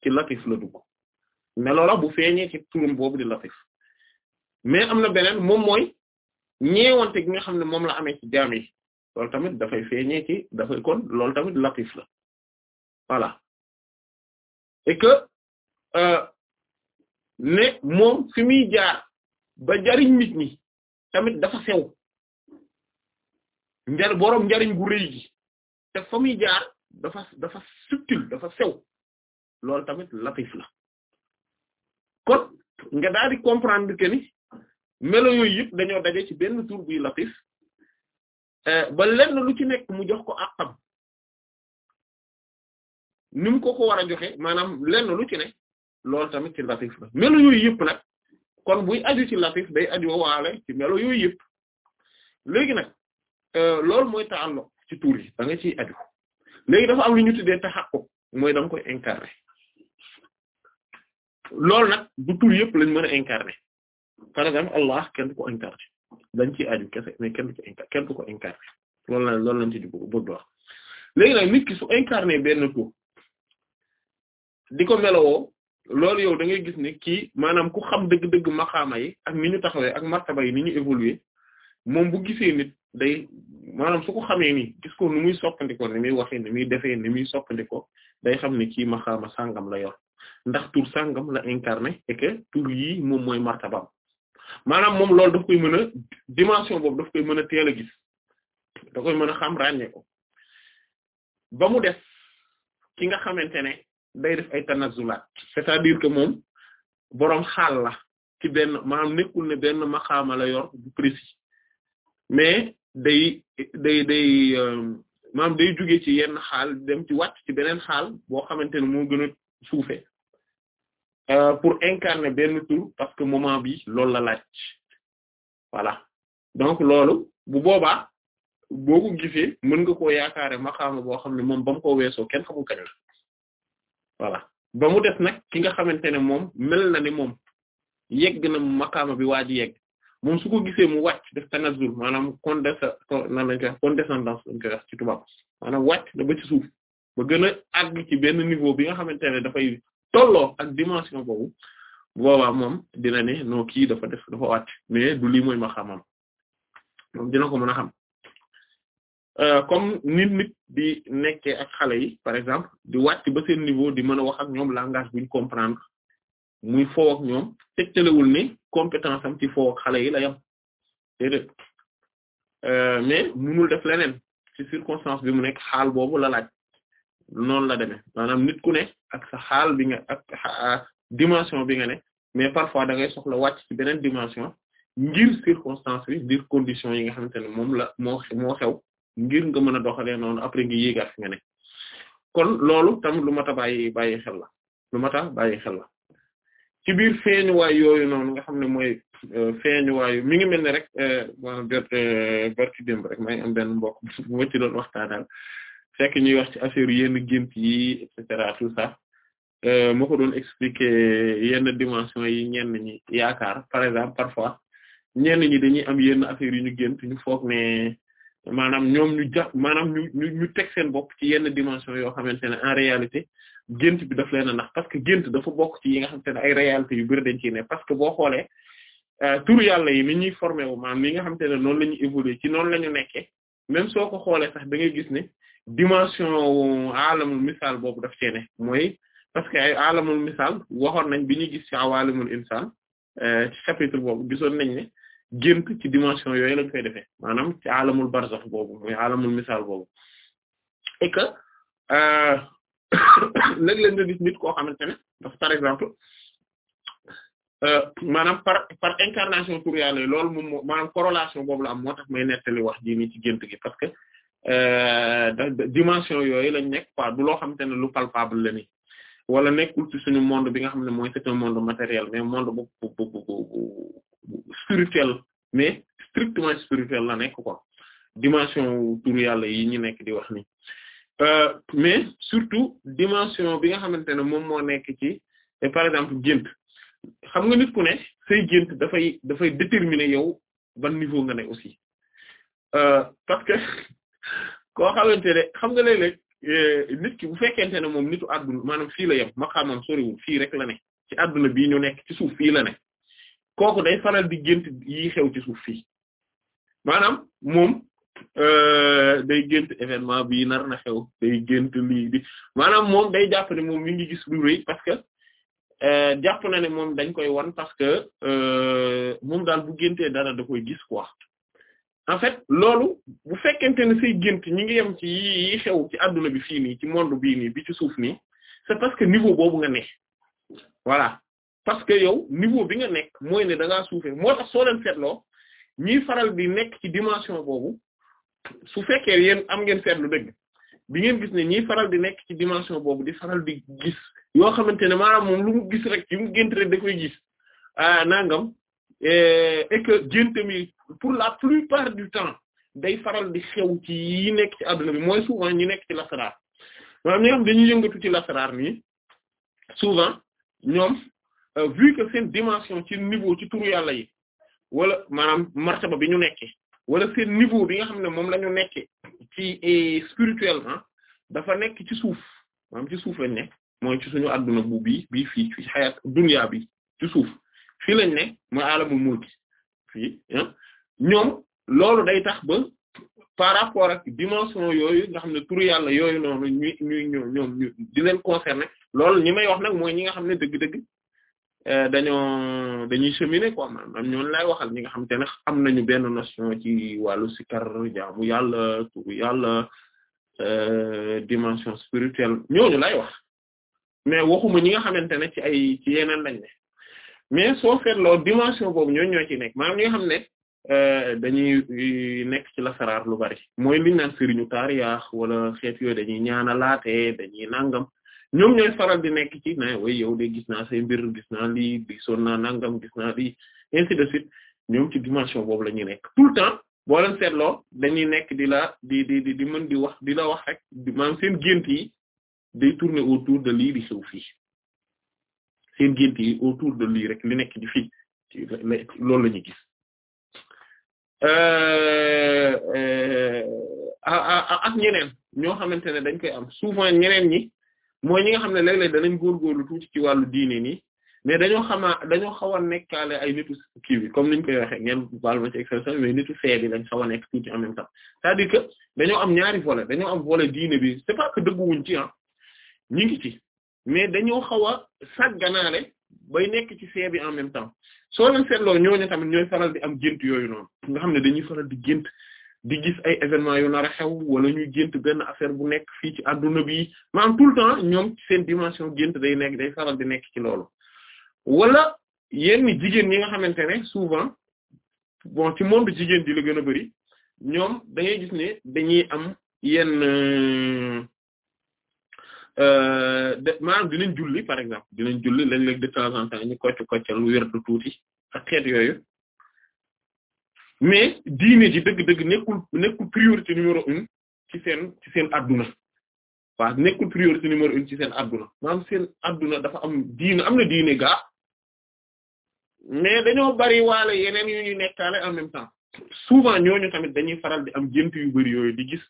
ci latif la dugg melo la bu feeñee ci boobu di latif mais am na beneen moom mooy ñeewante gi nga xam ne moom la ame ci jaam yi loolu tamit dafay feeñee
dafay kon loolu tamit latif la voilà et que
euh, ne moom fi muy jaar ba jariñ nit ñi tamit dafa sew njar boroom njariñ gu rëy gi te fa muy jaar dafa dafa subtil dafa sew loolu tamit latif la kon nga daal comprendre que ni melo yooyu yëpp dañoo daje ci benn tur buy latif eh, ba lenn lu ci mu jox ko àqam ni mu ko ko war a joxe maanaam lenn lu ci loolu tamit ci latif melo yooyu yëpp nag kon buy aju ci latif day aju waale ci melo yooyu yëpp léegi nag euh, loolu mooy taalluq ci tuur yi nga ciy aju léegi dafa am lu ñu tuddee tahaqquq mooy da nga koy incarner loolu nag bu tur yëpp lañ mën a incarner par exemple Allah kenn du ko dañ ciy aju kese mais kenn du ko incarner kenn du ko incarner loolu la loolu lañ ci dugg bëgg ki su incarner benn tur di ko melowoo loolu yow da ngay gis ne kii maanaam ku xam dëgg-dëgg maxaama yi ak ni ñu taxawee ak martaba yi ni ñu évoluer moom bu gisee nit day maanaam su ko xamee nii gis ko ni muy soppandikoo ni muy waxee ni muy defee ni muy soppandikoo day xam ne kii maxaama sangam la yor ndax tur sangam la incarné et que tur yii moom mooy martabaam maanaam moom loolu daf koy mën a dimension boobu daf koy mën a teel a gis da koy mën a xam ràññee ko ba mu def ki nga xamante ne day def ay tanazulaat c'est-à-dire que moom boroom xaal la ci benn maam nekkul ne benn maxaama la yor bu précis mais day day day euh, maam day jóge ci yenn xaal dem ci wàcc ci beneen xaal boo xamante ne moo gën a suufee euh, pour incarner benn tur parce que moment bi loolu la laaj voilà donc loolu bu boobaa boo ko gisee mën nga koo yaakaare maxaama boo xam ne moom ba mu ko weesoo kenn xamul kañ la voilà ba mu des nag ki nga xamante ne moom mel na ni moom yegg na mu makaama bi waa ji yegg moom su ko gisee mu wàcc def tanazul maanaam condesa nan lañ koy condescendance lañ koy wax ci tubaab maanaam wàcc na ba ci suuf ba gën a àgg ci benn niveau bi nga xamante ne dafay tolloo ak dimension boobu boobaa moom dina ne noo kii dafa def dafa wàcc mais du lii mooy maqaamam moom dina ko mën a xam Euh, comme nit nit bi nekkee ak xale yi par exemple di wàcc ba seen niveau di mën a wax ak ñoom langage buñ comprendre muy foo ak ñoom telewul ni compétence am ci foo xale yi la yam déedéet euh, mais munul def leneen ci circonstance bi mu nekk xaal boobu la laaj noonu la demee maanaam nit ku ne xaal bi nga ak bi nga ne mais parfois da ngay soxla wàcc ci beneen dimension ngir circonstance bi ngir condition yi nga xamante ne moom la moo moo xew ngir nga mën a doxalee noonu après nga yéegaat fi ne kon loolu tamit lu mat a bàyyi bàyyi xel la lu mat a bàyyi xel la ci biir feeñuwaay yooyu noonu nga xam ne mooy euh, feeñuwaayu mi ngi mel ne rek euh, ma bert euh, berti démb rek maa ngi am benn mbokk bu ma ci doon waxtaanal fekk ñuy wax ci affaire yenn gént yi et cetera tout ça ma ko doon expliquer yenn dimension yi ñenn ñi yaakaar par exemple parfois ñenn ñi dañuy am yenn affaire yu ñu gént ñu foog ne maanaam ñoom ñu ja maanaam ñu ñu teg seen bopp ci yenn dimension yoo xamante ne en réalité gént bi daf leen a nax parce que gént dafa bokk ci yi nga xamante ne ay réalité yu bëri dañ ciy ne parce que boo xoolee euh, turu yàlla yi ni ñuy formé wu maam li nga xamante ne noonu la ñu évolué ci noonu la ñu nekkee même soo ko xoolee sax da ngay gis ne dimension alamul misaal boobu daf cee mooy parce que ay alamul misaal waxoon nañ bi ñuy gis ci awalamul insaan euh, ci chapitre boobu gisoon nañ ne gént ci dimension yooyu lañ koy defee maanaam ci alamul barzax boobu muy alamul misaal boobu et que euh, léeg nit koo xamante ne ndax par exemple euh, maanaam par par incarnation tur yàlla loolu moom moo maanaam corrélation boobu la am moo tax may nettali wax ji nii ci gént gi parce que euh, dimension yooyu lañ nekk quoi du loo xamante ne lu palpable la nii wala nekkul ci monde bi nga xam ne mooy c'est un monde matériel mais monde bu bu bu bu spirituel mais strictement spirituel la nekk ko dimension turu yàlla yi ñu nekk di wax ni euh, mais surtout dimension bi nga xamante ne moom moo nekk ci par exemple gént xam nga nit ku ne say gént dafay dafay déterminer yow ban niveau nga ne aussi euh, parce que koo xamante ne xam nga léeg Euh, nit ki bu fekkente ne moom nitu àdduna maanaam fii la yem maqaamam soriwul fii rek la ne ci àdduna bii ñu nekk ci suuf fii la ne kooku day faral di gént yi xew ci suuf fii maanaam moom euh, day gént événement bii nar na xew day gént lii di maanaam moom day jàpp ne moom mi ngi gis lu rëy parce que euh, jàpp na ne moom dañ koy wan parce que moom daal bu géntee dara da koy gis quoi en fait loolu bu fekkente ne say gént ñi ngi yem ci yi xew ci adduna bi fii nii ci monde bii nii bi ci suuf nii c'est parce que niveau boobu nga ne voilà parce que yow niveau bi nga nekk mooy ne da ngaa suufee moo tax soo leen seetloo ñiy faral bi nekk ci dimension boobu su fekkee yéen am ngeen seetlu dëgg bi ngeen gis ne ñii faral di nekk ci dimension boobu di faral di gis yoo xamante ne maanaam moom lu mu gis rek yu mu gént rek da koy gis ah nangam et que gént mi pour la plupart du temps day faral di xew ci yi nekk ci àdduna bi mooy souvent ñi nekk ci lasaraar maanaam ñi nga xam dañuy yëngatu ci lasaraar nii ñoom euh, vu que seen dimension ci niveau turu yàlla yi wala maanaam martaba bi ñu nekkee wala seen niveau bi nga xam ne moom la ñu nekkee ci eh, spirituellement dafa nekk ci suuf maanaam ci suuf lañ nekk mooy ci suñu àdduna bu bii bii fii ci xayat bi ci suuf fii lañ ne mooy alamul mulk fii ñoom loolu day tax ba par rapport ak dimension yooyu nga xam ne turu yàlla yooyu noonu ñuy ñuy ñoom ñu di leen lool ñi may wax nag mooy ñi nga xam ne dëgg-dëgg euh, dañoo dañuy cheminer quoi maanaam ñoon lay waxal ñi nga xam ne am nañu benn notion ci wàllu sikar yàlla yàlla euh, dimension spirituelle ñooñu lay wax mais waxuma ñi nga xamante ne ci ay ci lañ ne mais soo feetloo dimension boobu ñooñu ñoo ci nekk maanaam ñi nga xam ne euh, dañuy euh, nekk ci lasaraar lu bari mooy liñ naan sëriñu taariyaax wala xeet yooyu dañuy ñaanalaatee dañuy nangam ñoom ñooy faral di nekk ci na way yow de gis naa say mbir gis naa lii di son naa nangam gis naa lii ainsi de suite ñoom ci dimension boobu la ñuy nekk tout temps boo leen seetloo dañuy nekk di la di di di di mën di wax di la wax rek maanaam seen gént yi day tourner autour de lii di xew fii seen gént yi autour de lui rek li nekk di fii ci loolu la ñuy gis euh, euh, ak ñeneen ñoo xamante ne dañ koy am souvent ñeneen ñi mooy ñi nga xam ne léeg-léeg danañ góorgóorlu tuuti ci wàllu diine nii mais dañoo xamaa dañoo xaw a nekkaale ay nitu kii bi comme niñ koy waxee ngeen baal ma ci expression mais nitu fee bi lañ xaw nekk tuuti en même temps c'est-à-dire que dañoo am ñaari volet dañoo am volet diine bi c'est pas que dëgguwuñ ci ah ñi ngi mais dañoo xaw a ganaare bay nekk ci see bi en même temps soo leen seetloo ñooñu tamit ñooy faral di am gént yooyu noonu nga xam ne dañuy faral di gént di gis ay événement yu nar a xew wala ñuy gént benn affaire bu nekk fii ci adduna bi maanaam tout le temps ñoom seen dimension gént day nekk day faral di nekk ci loolu wala yenn jigéen ñi nga xamante ne souvent bon ci monde jigéen ji la gën a bari ñoom da gis ne dañuy am yenn Euh, de maanaam dinañ julli par exemple dinañ julli léeg-léeg de temps en temps ñu kocc koccal wér du tuuti ak xeet yooyu mais diine ji dëgg-dëgg nekkul nekkul priorité numéro une ci seen ci adduna waaw nekkul priorité numéro une ci seen adduna maanaam seen adduna dafa am diine am na diine gaa mais dañoo bari waale yeneen yu ñu nekkaale en même temps souvent ñooñu tamit dañuy faral di am gént yu yooyu di gis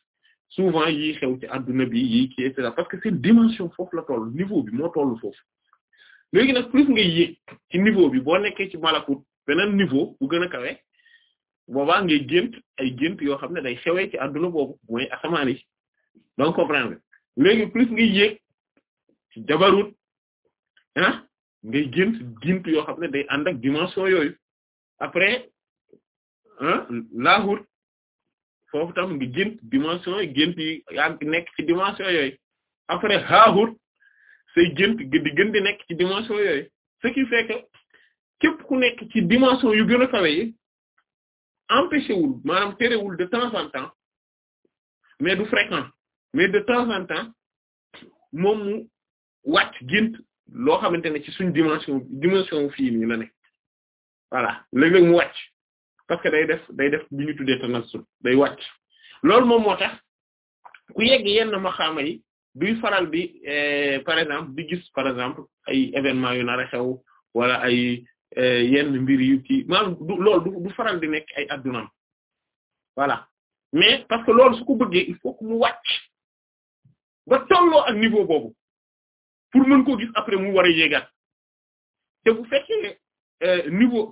souvent yi xew ci adduna bi yi kii et cetera parce que seen dimension foofu la toll niveau bi moo toll foofu léegi nag plus nga yéeg ci niveau bi boo nekke ci malakut beneen niveau bu gën a kawe boobaa ngay gént ay gént yoo xam ne day xewee ci adduna boobu mooy asamaan yi donc comprendre léegi plus nga yéeg ci jabarut ah ngay gént gént yoo xam ne day ànd ak dimension yooyu après ah laahut foofu tam ngi gént dimension yi gént yi yaa ngi nekk ci dimension yooyu après xaaxul say gént di gën di nekk ci dimension yooyu ce qui fait que ku nekk ci dimension yu gën a kawe yi empêché wul maanaam terewul de temps en temps mais du fréquent mais de temps en temps moom mu wàcc gént loo xamante ne ci suñ dimension dimension fii nii la ne voilà léeg-léeg mu wàcc parce que day def day def bu ñu tuddee tanassul day wàcc loolu moom moo ku yegg yenn maxaama duy faral bi eh, par exemple di gis par exemple ay événements yu nar a xew wala ay eh, yenn mbir yu ci du loolu du faral di nekk ay addunam voilà mais parce que loolu su bëggee il faut que mu
ba tolloo ak niveau boobu pour mën koo gis après mu war a
te bu fekkee eh, niveau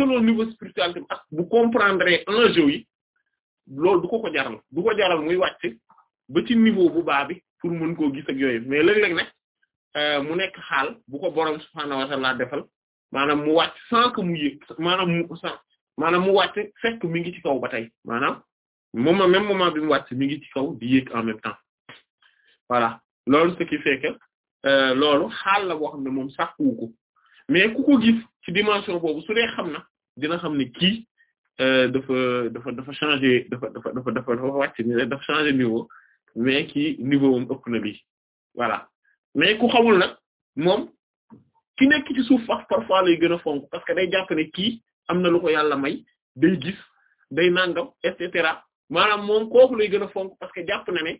selon niveau spiritualité ak bu comprendre enjeu yi loolu du ko ko jaral du ko jaral muy wàcc ba ci niveau bu baax bi pour mën koo gis ak yooyu mais léeg-léeg euh, mu nekk xaal bu ko boroom subhaanahu wa ta'aala defal maanaam mu wàcc sans que mu yëg maanaam mu sans maanaam mu wàcc mi ngi ci kaw ba tey maanaam moment même moment bi mu wàcc mi ngi ci kaw di yéeg en même temps voilà loolu ce qui euh, loolu xaal la boo xam ne moom sàkkuwu ko mais ku ko gis ci dimension boobu su dee xam na dina xam ne kii euh, dafa dafa dafa dafa dafa dafa dafa dafa wàcc ni dafa changer niveau mais kii niveau moom ëpp na lii voilà mais ku xamul nag moom ki nekk ci suuf sax parfois lay gën a fonk parce que day jàpp ne kii am na lu ko yàlla may day gis day nangam et cetera maanaam moom kooku lay gën a fonk parce que jàpp na ne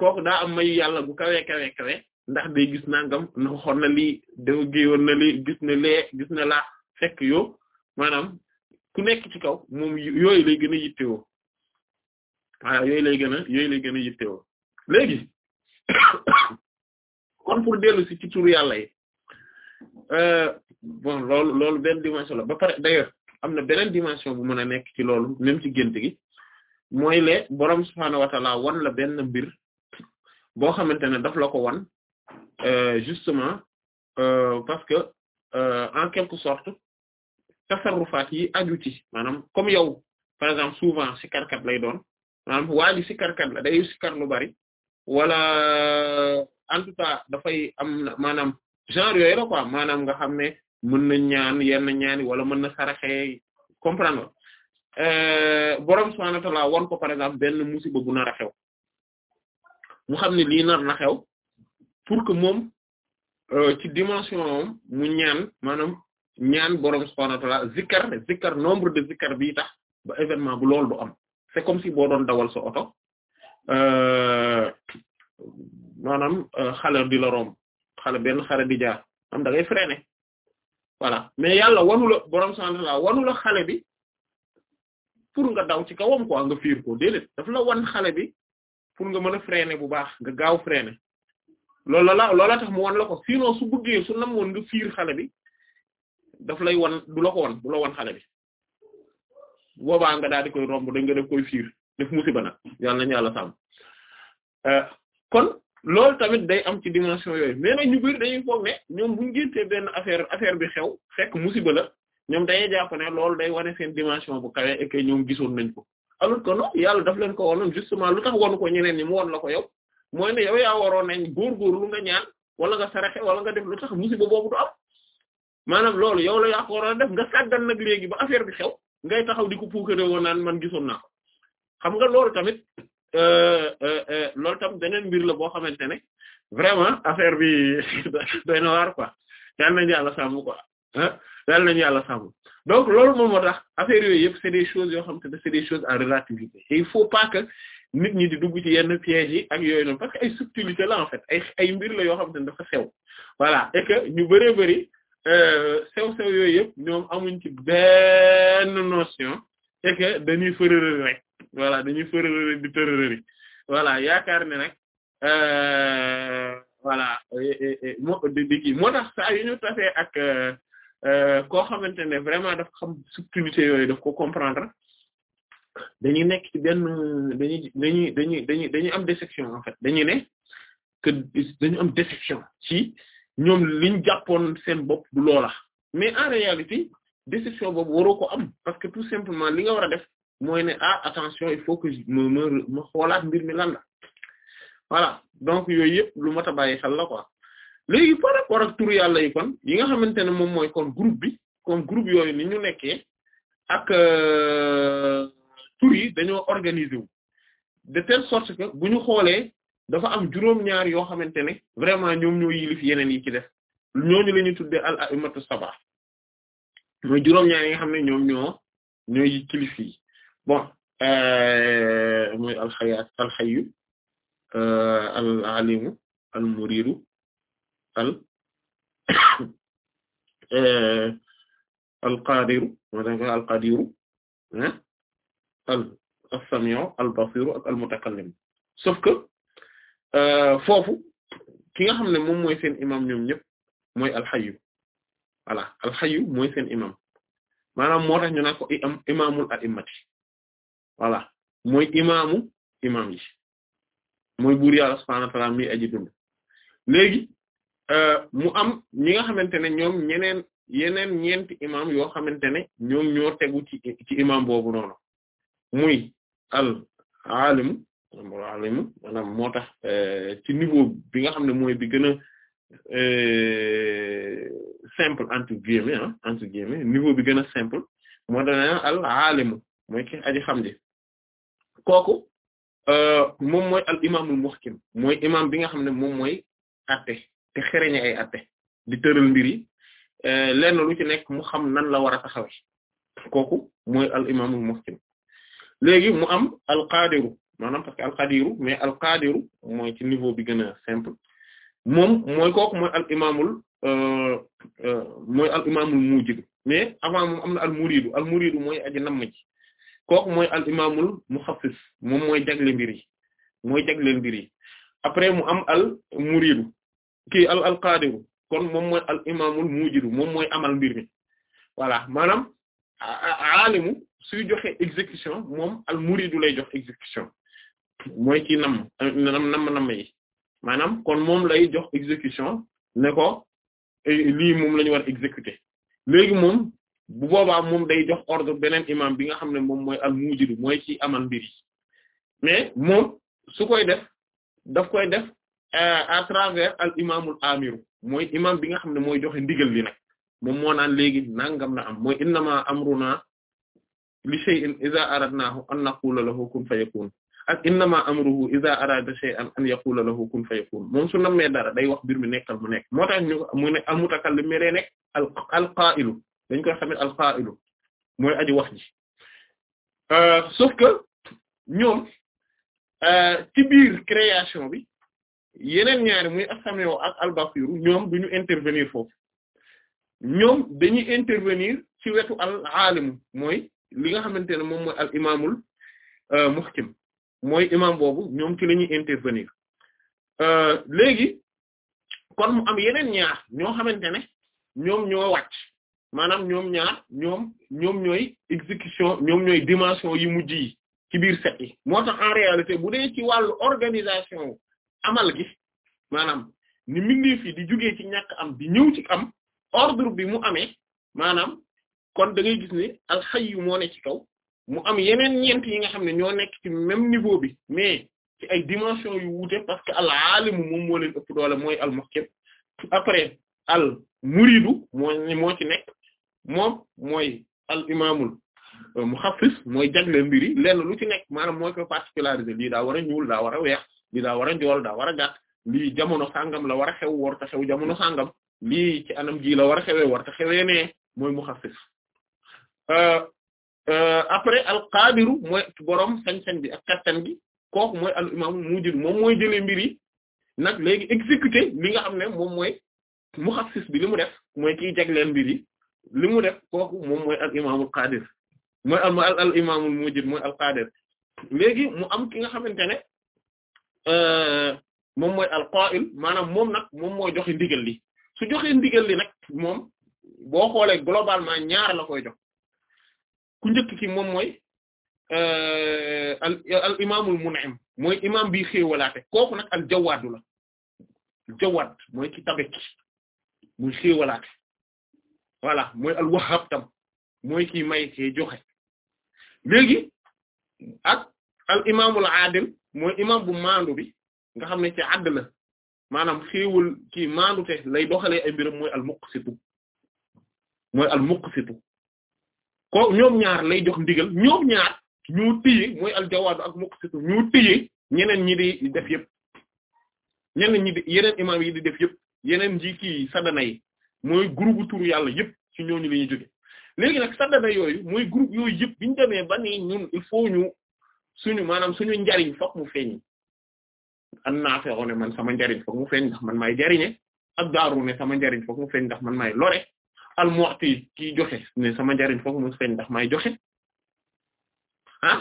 kooku daa am mayu yàlla bu kawe kawe kawe ndax day gis nangam na xool na lii da géewoon na lii gis na lee gis na laa fekk maanaam ku nekk ci kaw moom yooyu lay gën a yittewoo waaw yooyu lay gën a yooyu lay gën a yittewoo léegi kon pour dellu si ci turu yàlla yi euh, bon loolu loolu benn dimension la ba pare d'ailleurs am na beneen dimension bu mën a nekk ci loolu même ci gént gi mooy le borom subhaanahu wa ta'ala wan la benn mbir boo xamante ne daf la ko wan euh, justement euh, parce que en quelque sorte tasarrufaat yi aju ci maanaam comme yow par exemple souvent sikarkat lay doon maanaam waa ji sikarkat la day sikar lu bari wala en tout cas dafay am maanaam genre yooyu la quoi maanaam nga xam ne mën na ñaan yenn ñaani wala mën na saraxee comprendre euh, borom subhaanahu wa ta'aala won ko par exemple benn musiba bu nar a xew mu xam ne lii nar na xew pour que moom euh, ci dimension moom mu ñaan maanaam ñaan borom subhanahu wa ta'ala zikkar nombre de zikkar bi tax ba événement bu loolu du am c'est comme si boo doon dawal sa oto euh, maanaam euh, xale di la romb xale benn xale bi jaar am da ngay freiner voilà mais yàlla wanu borom subhanahu wa ta'ala xale bi pour nga daw ci kawam quoi nga fiir ko déedéet daf la wan xale bi pour nga mën a freiner bu baax nga gaaw freiner. loolu la loola tax mu wan la ko sinon su bëggee su namoon nga fiir xale bi daf lay wan du la ko wan du la wan xale bi boobaa nga daal di koy romb da nga def koy fiir def musiba nag na nañu yàlla sàmm euh, kon loolu tamit day am ci dimension yooyu mais nag ñu dañuy foog ne ñoom bu ñu géntee affaire affaire bi xew fekk musiba la ñoom dañuy jàpp ne loolu day wane seen dimension bu kawe et que ñoom gisoon nañ ko alors que non yàlla daf leen ko wanoon justement lu tax wanu ko ñeneen ñi mu won la ko yow mooy ne yow yaa waroon nañ góorgóorlu nga ñaan wala nga saraxe wala nga def lu tax musiba boobu du maanaam loolu yow la yaa a def nga sàggan nag léegi ba affaire bi xew ngay taxaw di ko puukare man gisoon naa xam nga loolu tamit euh, euh, euh, lool tam beneen mbir la boo xamante ne vraiment affaire bi doy na waar quoi yal nañu yàlla sàmm quoi ah yal yàlla sàmm donc loolu moom moo tax affaire yooyu yëpp c'est des choses yoo xam te ne c'est des choses à relativité il faut pas que nit ñi di dugg ci yenn pièges yi ak yooyu noonu parce que ay subtilité la en ay ay mbir la yoo xam te ne sew-sew euh, yooyu yëpp ñoom amuñ ci benn notion c'est que dañuy fërërëri rek voilà dañuy fërërëri di tërërëri voilà yaakaar ne nag euh, voilà mo di kii moo tax saa yu ñu tasee ak euh, koo xamante ne vraiment daf xam subtilité yooyu daf ko comprendre dañuy nekk ci benn dañuy dañuy dañuy dañuy dañuy am déception en fait dañuy ne que dañu am déception ci ñoom liñ jàppoon seen bopp du loola mais en réalité décision boobu waroo ko am parce que tout simplement li nga war a def mooy ne a ah, attention il faut que ma xoolaat mbir mi lan la voilà donc yooyu yëpp lu mat a bàyyi xel la quoi léegi par rapport yàlla yi kon yi nga xamante ne moom mooy kon groupe bi comme groupe yooyu ni ñu nekkee ak euh, tur yi dañoo organiser wu de telle sorte que bu ñu dafa am juróom-ñaar yoo xamante ne vraiment ñoom ñoo yilif yeneen yi ci def ñooñu la ñuy tuddee al a'immatu sab'a mooy juróom-ñaar yi nga xam ne ñoom ñoo ñooy kilif yi bon euh, mooy al hayat al hayyu euh, al alimu al muriru al euh, al qadiru al qadiru al basiru ak al mutakallim sauf que Euh, foofu ki nga xam ne moom mooy seen imam ñoom ñëpp mooy alxayu voilà alxayu mooy seen imam maanaam moo tax ñu naan ko iam imaamul a'immati voilà mooy imaamu imam yi mooy buur yàlla subhaanahu mi aji dund léegi euh, mu am ñi nga xamante ne ñoom ñeneen yeneen ñeenti imam yoo xamante ne ñoom ñoo tegu ci ci imam boobu noonu muy al alim alimu maanaam moo tax euh, ci niveau bi nga xam ne mooy bi gën a euh, simple entre guillemets ah entre guillemets niveau bi gën a simple moo tax al alimu mooy ki aji xam ji kooku euh, moom mooy al imaamul muhkim mooy imam bi nga xam ne moom mooy atte te xereñ ay atte di tëral mbir yi lenn lu ci nekk mu xam nan la war a taxawe kooku mooy al imaamul muhkim léegi mu am al qaadiru maanaam parce que alqadiru mais alqadiru mooy ci niveau bi gën a simple moom mooy kooku mooy al imaamul euh, euh, mooy al imaamul mujib mais avant moom am na al muridu al muridu mooy aji namm mooy al imaamul jagle mbir mooy jagleel mbir après mu am al muridu kii al al qadiru kon moom mooy al imaamul mujidu moom mooy amal mbir mi voilà maanaam aalimu suy joxe exécution moom al muridu lay jox exécution mooy kii nam nam nam nam yi maanaam kon moom lay jox exécution ne ko eh, lii moom la ñu war exécuter léegi moom bu boobaa moom day jox ordre beneen imam bi nga xam ne moom mooy al mujidu mooy ci amal mbir yi mais moom su koy def daf koy def eh, à travers al imamul amiru mooy imam bi nga xam ne mooy joxe ndigal li nag moom moo naan léegi nangam na am mooy innama amruna li shay'in idha na an naqula lahu kun fayakun ak am amruhu idha arada shay'an an yaqula lahu kun fayakun moom su nammee dara day wax mbir mi nekkal mu nekk moo tax ñu mu ne al mutakallim mais day nekk al alqaa'ilu dañ koy xamit alqaa'ilu mooy aji wax ji euh, sauf que ñoom euh, ci biir création bi yeneen ñaari muy as-sami'u ak al-basiru ñoom duñu intervenir foofu ñoom dañuy intervenir ci wetu al-aalimu mooy li nga xamante ne moom mooy al imaamul euh, muhkim mooy imam boobu ñoom ci la ñuy intervenir euh, léegi kon mu am yeneen ñaax ñoo xamante ne ñoom ñoo wàcc maanaam ñoom ñaar ñoom ñoom ñooy exécution ñoom ñooy dimension yi mujj yi ci biir set yi moo tax en réalité bu dee ci wàllu organisation amal gi maanaam ni mbindeef yi di jugee ci ñàkk am di ñëw ci am ordre bi mu amee maanaam kon da ngay gis ne alxayyu moo ne ci kaw mu am yeneen ñeent yi nga xam ne ñoo nekk ci même niveau bi mais ci ay dimension yu wuute parce que al alimu moom moo leen ëpp doole mooy al muhkim après al muridu moo moo ci nekk moom mooy al imaamul euh, muxaffis mooy jagle mbiri lenn lu ci nekk maanaam mooy ko particulariser lii daa war a ñuul daa war a weex lii daa war a njool daa war a gàtt lii jamono sangam la war a xew war xew jamono sangam lii ci anam ji la war a xewee war ta xewee nee mooy muxaffis euh, Euh, après alqaadiru mooy borom sañ-sañ bi a kattan bi kooku mooy al imam mujid moom mooy jëlee mbir yi nag léegi exécuter li nga xam ne moom mooy muxassis bi li mu def mooy kiy jagleen mbir yi li mu def kooku moom mooy al imaamul qaadir mooy al al al imaamul mujid mooy al qaadir léegi mu am ki nga xamante ne euh, moom mooy al qaa'il maanaam moom nag moom mooy joxe ndigal li su joxe ndigal li nag moom boo xoolee globalement ñaar la koy jox ku njëkk ki moom mooy euh, al al imaamul mun'im mooy imaam bi xéewalaate kooku nag al jawaadu la jawaad mooy ki tabek muy xéewalaate voilà mooy al wahhab tam mooy ki may ci joxe léegi ak al imaamul aadil mooy imaam bu maandu bi nga xam ne ci àdd la maanaam xéewal ki maandu te lay doxalee ay mbiram mooy al muqsitu mooy al muqsitu ko ñoom ñaar lay jox ndigal ñoom ñaar ñu téye mooy aljawaadu ak muqsitu ñu téye ñeneen ñi di def yëpp ñeneen ñi di yeneen imam yi di def yëpp yeneen nji kii saddana yi mooy groupe turu yàlla yëpp ci ñooñu la ñuy jóge léegi mooy groupe yooyu yëpp biñu demee ba ni ñun il faut ñu suñu maanaam suñu njariñ fokk mu feeñ am naa ne man sama njariñ fokk mu feeñ ndax man maay jariñe ak daaru ne sama njariñ fokk mu feeñ ndax man maay lore al-mu'ti kiy joxe ne sama njariñ foofu mo feeñ ndax may joxe ah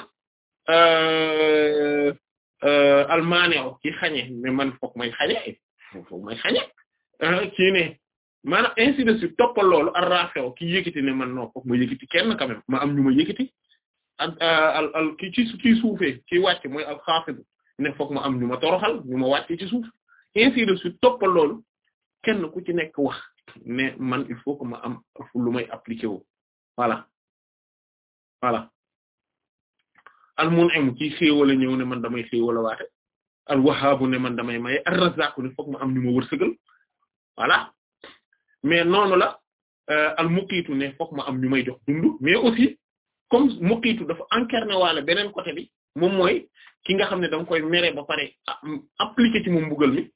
euh, euh, al-mani'u ki xañe ne man foog may xañe foog may xañe kii euh, ne maanaam ainsi de suite toppal loolu ar-rafi'u ki yëkkati ne man non foog ma yëkkati kenn quand même ma am ñu ma yëkkati ak al al ki ci kii suufee ki wàcc mooy al-xaafid ne foog ma am ñu ma toroxal ñu ma wàcc ci suuf de suite toppal loolu kenn ku ci nekk wax mais man il faut que ma am lu may appliquer wu voilà voilà al mun'im ci xéewal a ñëw ne man damay xéewal a waate al wahaabu ne man damay maye ar razzaaku ne foog ma am ñu ma wërsëgal voilà mais noonu la euh, al muqiitu ne foog ma am ñu may jox dund mais aussi comme muqiitu dafa incarné wale beneen côté bi moom mooy ki nga xam ne da nga koy mere ba pare ah, appliquer ci moom mbugal mi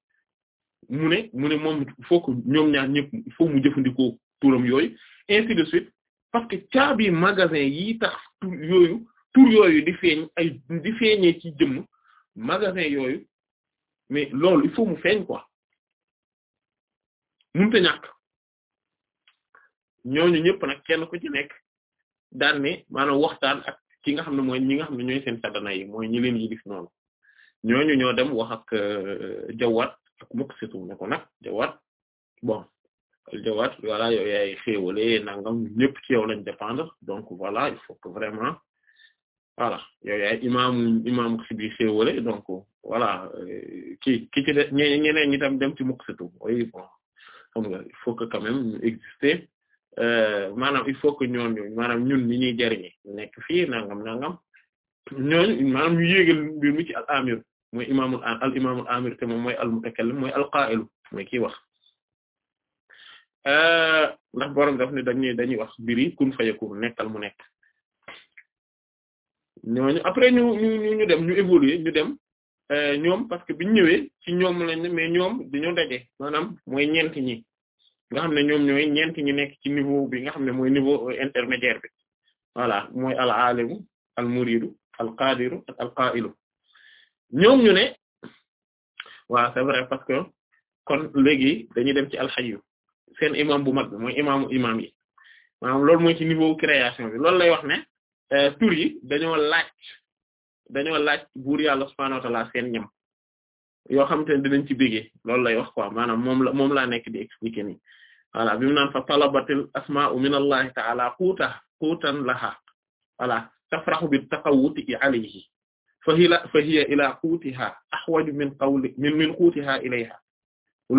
mu ne mu ne moom il faut que ñoom ñaar ñëpp il faut mu jëfandikoo turam yooyu ainsi de suite parce que caabi magasin yi tax tur yooyu tur yooyu di feeñ ay di feeñee ci jëmm magasin yooyu mais loolu il faut mu feeñ quoi mënut a ñàkk ñooñu ñëpp nag kenn ku ci nekk daan ne maanaam waxtaan ak ki nga xam ne mooy ñi nga xam ne ñooy seen saddana yi mooy ñi leen yi def noonu ñooñu ñoo dem wax ak euh, jawwat ak muqsitun ne ko nag jawaat bon jawaat voilà yow yaay xéewale nangam ñëpp ci yow lañ dépendre donc voilà il faut que vraiment voilà yow yaay imaam imaam si bi xéewale donc voilà euh, ki ki ci de ñeneen ñi tam dem ci muqsitun oui bon xam nga il faut que quand exister euh, maanaam il faut que ñooñu maanaam ñun ñi ñuy jariñe nekk fii nangam nangam ñooñu maanaam ñu yéegal mbir al amir mooy imaamul al imaamul amir te moom mooy al mutakallim mooy al qaa'il mooy kii euh, ndax borom daf ne dañuy dañuy wax biri kun fayakun nekkal mu nekk ñooñu après ñu ñu dem ñu évoluer ñu dem euh, ñoom parce que biñu ñëwee ci ñoom lañ ne mais ñoom dañoo daje maanaam mooy ñeenti ñi nga xam ne ñoom ñooy ñeenti ñi nekk ci niveau bi nga xam ne mooy niveau euh, intermédiaire bi voilà mooy al aalimu al muridu al qaadiru ak al qaa'ilu ñoom ñu ne waaw c'est vrai parce que kon léegi dañuy dem ci alxayu seen imam bu mag bi mooy imaamu imam yi maanaam loolu mooy ci niveau création bi loolu lay wax ne euh, tur yi dañoo laaj dañoo laaj buur yàlla subhaanahu wa ta'aala seen ñam yoo xamante ne dinañ ci bégee loolu lay wax quoi maanaam moom la moom laa nekk di expliquer nii voilà bi mu naan fa talabatil asmaa'u min allahi ta'ala quuta quutan laha voilà tafrahu bi taqawwuti alayhi fa ila fa hiya ilaa quutihaa ahwaju min qawli min min quutihaa ilayhaa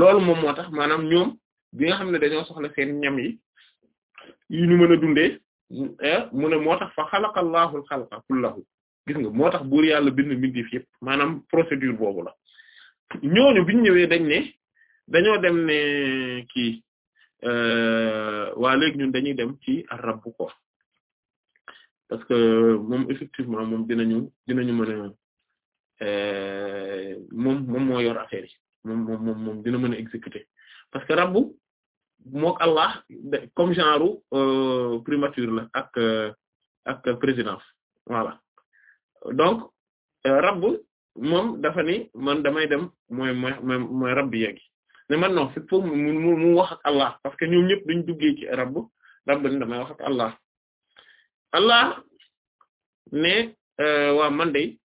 loolu moom moo tax maanaam ñoom bi nga xam ne dañoo soxla seen ñam yi yi ñu mën a dundee eh, mu ne moo tax fa xalaqa Allahu al gis nga moo tax buur yàlla bind mbindeef yëpp maanaam procédure boobu la ñooñu biñ ñëwee dañ ne dañoo dem ne kii euh, waa léegi ñun dañuy dem ci ar-rabb parce que moom effectivement moom dinañu dinañu mën a euh, moom moom moo yor affaire yi moom dina mën a exécuter parce que rabbu mook Allah comme genre euh, primature la ak euh, ak présidence voilà donc rabbu moom dafa ni man damay dem mooy mooy mooy rabbi yeegi ne man non c'est pour mu mu wax ak Allah parce que ñoom ñëpp duñ duggee ci rabbu rabbu ni damay wax Allah allah ne euh, waa man de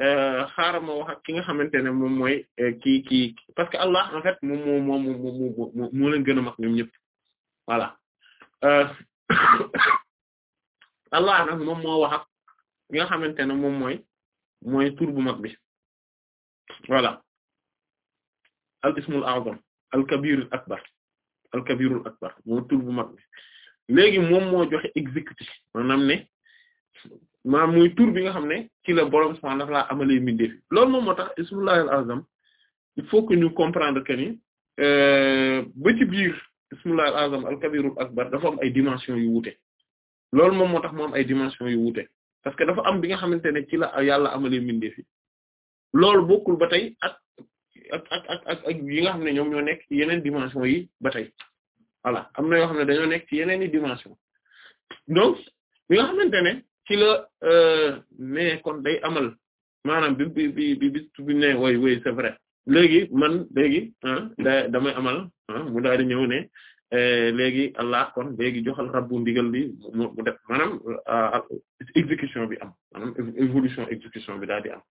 euh, xaaral ma wax ak ki nga xamante ne moom mooy euh, kii kii parce que allah en fait moom moo moo moo moo moo leen gën a mag ñoom ñëpp voilà allah nag moom moo wax ak ki nga xamante ne moom mooy mooy tur bu mag bi voilà al ismul a'zam al kabirul akbar al kabirul akbar mooy tur bu mag bi léegi moom moo joxe exécutif maanaam ne maanaam muy tur bi nga xam ne ci borom subhaanahu wa ta'aala amalee mbindeef loolu moom moo tax ismullahi al-azam il faut que ñu comprendre que ni euh, ba ci biir ismullahi al-azam al-kabirul akbar dafa ay dimension yu wuute loolu moom moo tax mu ay dimension yu wuute parce que dafa am bi nga xamante ne ci la yàlla amalee mbindeef loolu bokkul ba tey ak ak ak ak ak yi nga xam ne ñoom ñoo nekk yeneen dimension yi ba tey voilà am na yoo xam ne dañoo nekk ci yeneen i dimension donc bi nga xamante ne ci la mais euh, kon day amal maanaam bi bi bi bis bi ne way way c'est vrai léegi man léegi da damay amal mu daal di ñëw ne euh, léegi Allah kon léegi joxal rabbu ndigal bi mu def maanaam euh, exécution bi am évolution exécution bi daal di am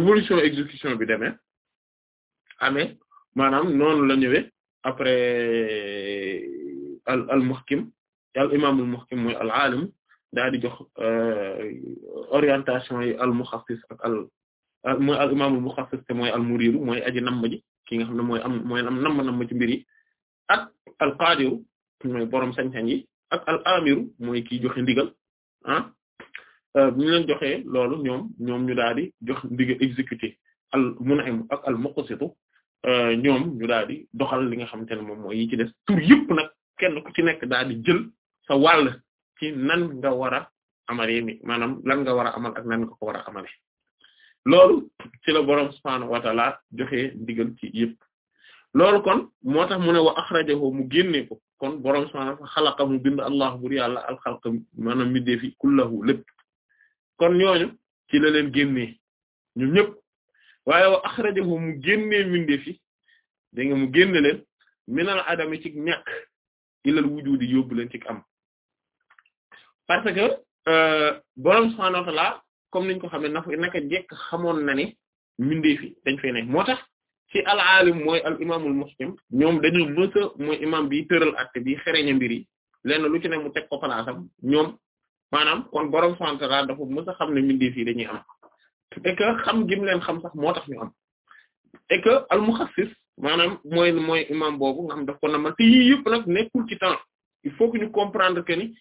évolution exécution bi demee amee maanaam noonu la ñëwee après euh, al al muhkim al imam al muhkim mooy al alim daal di jox euh, orientation yi al mukhassis ak al mooy al imam al te mooy al muriru mooy aji namm ji ki nga xam ne mooy am mooy am namm namm ci mbir yi ak al qadiru mooy borom sañ-sañ yi ak al amiru mooy kiy joxe ndigal ah euh, ñu leen joxee loolu ñoom ñoom ñu daal di jox ndigal exécuté al mun'im ak al muqsitu Euh, ñoom ñu daal di doxal li nga xamante ne moom mooy yi ci des tur yëpp nag ci nekk daal di jël sa wàll ci nan nga war a amalee mi maanaam lan nga war a amal ak nan nga ko war a amalee loolu ci la boroom subhaanahu wa ta'ala joxe digal ci yëpp loolu kon moo tax mu ne wa axrajahu mu génnee ko kon boroom subhaanahu wa xalaqa mu bind allah bur yàlla alxalqa maanaam mi defi kullahu lépp kon ñooñu ci la leen génnee ñun ñëpp waaye wa axrajahu mu génnee mbindeef yi da nga mu génne leen minal adami ci ñàkk ilal wujudi yóbbu leen ci am parce que euh, borom subhaanahu wa comme niñ ko xam ne na naka jekk xamoon na ne mbindeef yi dañ fay ne moo tax ci al alim mooy ñoom dañu mësa mooy imam bi tëral acte bi xereña mbir yi lenn lu ci ne mu teg ko palaasam ñoom maanaam kon borom subhaanahu wa ta'aala dafa mësa xam ne mbindeef yi dañuy am et que xam gim xam sax moo tax ñu am et que al muxassis maanaam mooy mooy imam boobu nga xam daf ko namal te yii yëpp nag nekkul ci temps il faut que ñu comprendre que ni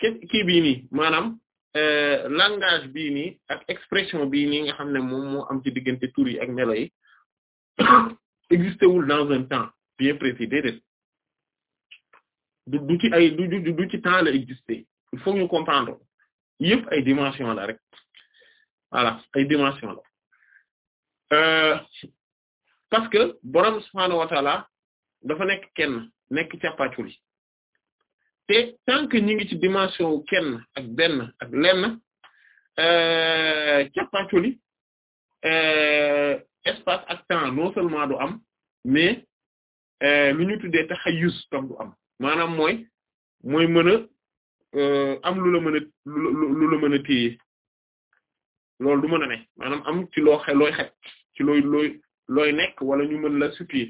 képp kii bii nii maanaam euh, langage bii nii ak expression bii nii nga xam ne moom moo am ci diggante tur yi ak melo yi existé wul dans un temps bien précis déedéet du du ci ay du du ci temps la existé il faut ñu comprendre yëpp ay dimension la rek voilà ay dimension la euh, parce que borom subhaanahu wa dafa nekk kenn nekk càppaaculi te tant que ñu ngi ci dimension wu kenn ak benn ak lenn euh, càppaaculi euh, espace ak temps non seulement du am mais lu ñu tuddee taxayyus tam du am maanaam mooy mooy mën a am lu la mën a lu la mën a téye loolu du mën a ne maanaam am ci loo xe looy xet ci looy looy nekk wala ñu mën la situer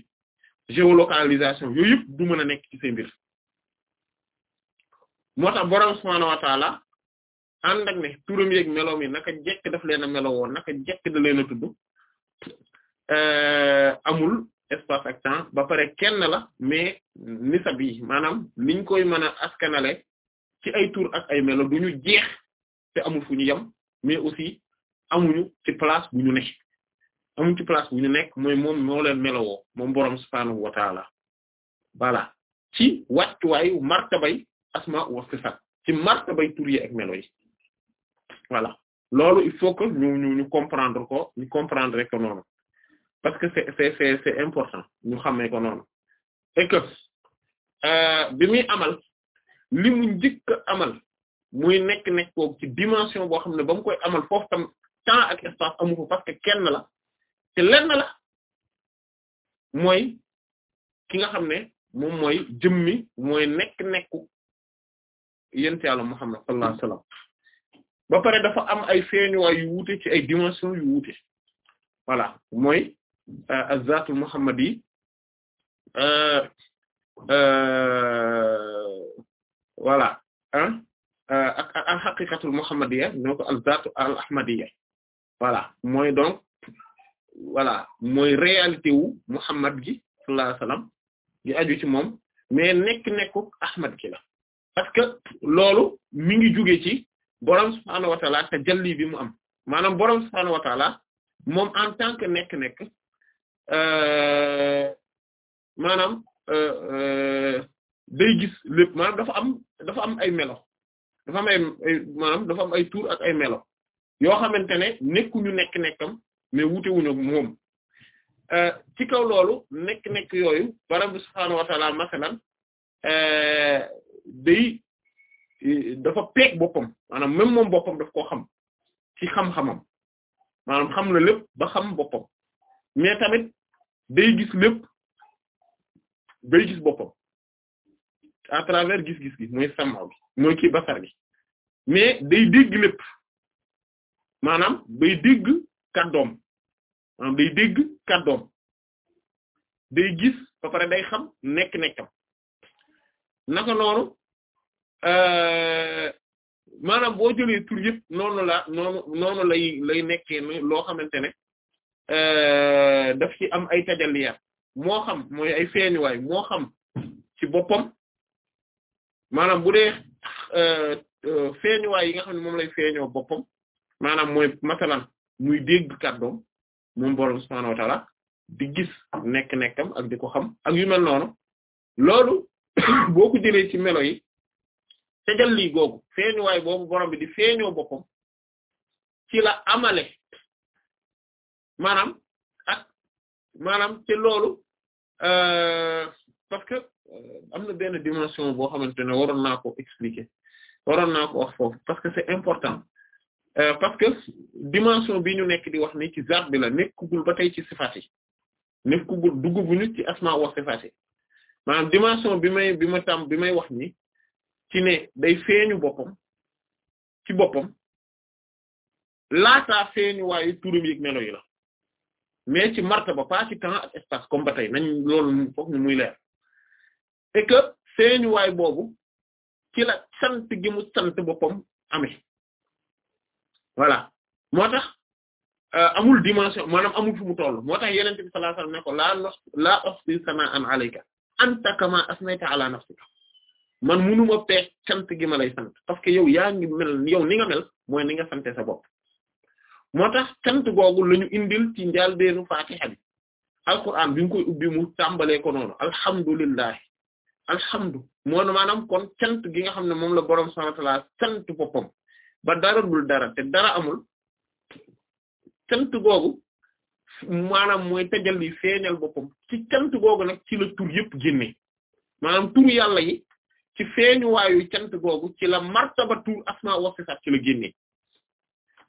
géolocalisation yooyu yëpp du mën a nekk ci say mbir moo tax borom subhaanahu wa taala ànd ak yeeg meloom yi naka jekk daf leen a meloo woon naka jekk da leen a tudd euh, amul espace ak temps ba pare kenn la mais nisab yi maanaam niñ koy mën a askanale ci ay tur ak ay melo du ñu jeex te amul fu ñu yem mais aussi amuñu ci place bu ñu nekk ñu nekk mooy moom moo leen melowoo moom boroom subhaanahu wa ta'ala voilà ci wàccuwaayu martabay asma wa sifat ci martabay tur yi ak melo yi voilà loolu il faut que ñu ñu ñu comprendre ko ñu comprendre ko noonu parce que c'est important ñu xamee ko noonu et euh, bi muy amal li mu njëkk amal muy nekk nekk koogu ci dimension boo xam ne ba mu koy amal foofu tam temps ak espace amu ko parce que kenn la te lenn la mooy ki nga xam ne moom mooy mi mooy nekk nekku yent yàlla Muhammad sallallahu alayhi ba pare dafa am ay feeñuwaay yu wuute ci ay dimension yu wuute voilà mooy euh, azatul Muhammad yi euh, euh, voilà ah ak ak al azatu al ahmadiyya voilà mooy donc voilà mooy réalité wu Muhammad gi sallallahu alayhi gi aju ci moom mais nekk nekku Ahmad gi la parce que loolu mi ngi jóge ci boroom subhaanahu wa ta'ala tajalli bi mu am maanaam boroom subhaanahu wa ta'ala moom en tant que nekk nekk euh maanaam euh, euh, day gis lépp maanaam dafa am dafa am ay melo dafa am ay maanaam dafa am ay tour ak ay melo yoo xamante ne nekkuñu nekk-nekkam mais wutewuñu moom euh, ci kaw loolu nekk-nekk yooyu borom bi subhaanahu wa ta'aala euh, day dafa peeg boppam maanaam même moom boppam daf koo xam ci xam-xamam maanaam xam na lépp ba xam boppam mais tamit day gis lépp day gis boppam à gis-gis gi mooy sàmmaw gi mooy kii basar gi mais day dégg lépp maanaam day dégg kàddoom maanaam dégg kàddoom day gis ba pare day xam nekk-nekkam naka noonu euh, maanaam boo jëlee tur yëpp noonu la noonu noonu lay lay nekkee loo xamante ne euh, daf ci am ay tajalliyaat moo xam mooy ay feeñuwaay moo xam ci boppam maanaam bu dee euh, feeñuwaay yi nga xam ne moom lay feeñoo boppam maanaam mooy masalan muy dégg kàddoom moom borom subhaanahu wa ta'ala di gis nekk-nekkam diko xam ak yu mel noonu loolu boo ko ci melo yi tajalli googu feeñuwaay boobu borom bi di feeñoo boppam ci la amale maanaam ak maanaam te loolu euh, parce que euh, am na benn dimension boo xamante ne waroon naa ko expliquer waroon naa ko wax foofu parce que c'est important Euh, parce que dimension bi ñu nekk di wax ni ci zaat bi la nekkugul ba tey ci sifaat yi nekkugul duggubuñu ci asmaa wa sifaat yi maanaam dimension bi may bi ma tàmm bi may wax ni ci ne day feeñu boppam ci boppam laata feeñu waayu turam yi melo yi la mais ci martaba pas ci temps espace comme ba tey nañ loolu foog ñu muy leer et que waay boobu ci la sant gi mu sant boppam amee voilà moo tax euh, amul dimension maanaam amul fu mu moo tax yonent bi sallallahu alayhi wasallam ne ko laa laa uhsi sana'an alayka anta kama asnayta ala nafsika man munuma peek sant gi ma lay sant parce que yow yaa ngi mel yow ni nga mel mooy ni nga sante sa bopp moo tax sant googu la ñu indil ci njaalbeenu Fatiha bi alquran bi nga koy ubbi mu tàmbalee ko noonu alhamdulillahi alhamdu moo maanaam kon sant gi nga xam ne moom la boroom subhanahu wa ta'ala ba dara dul dara te dara amul cant googu maanaam mooy tajalli feeñal boppam ci cant googu nag ci la tur yëpp génne maanaam tur yàlla yi ci feeñuwaayu cant googu ci la martaba tur asma wa sifat ci la génne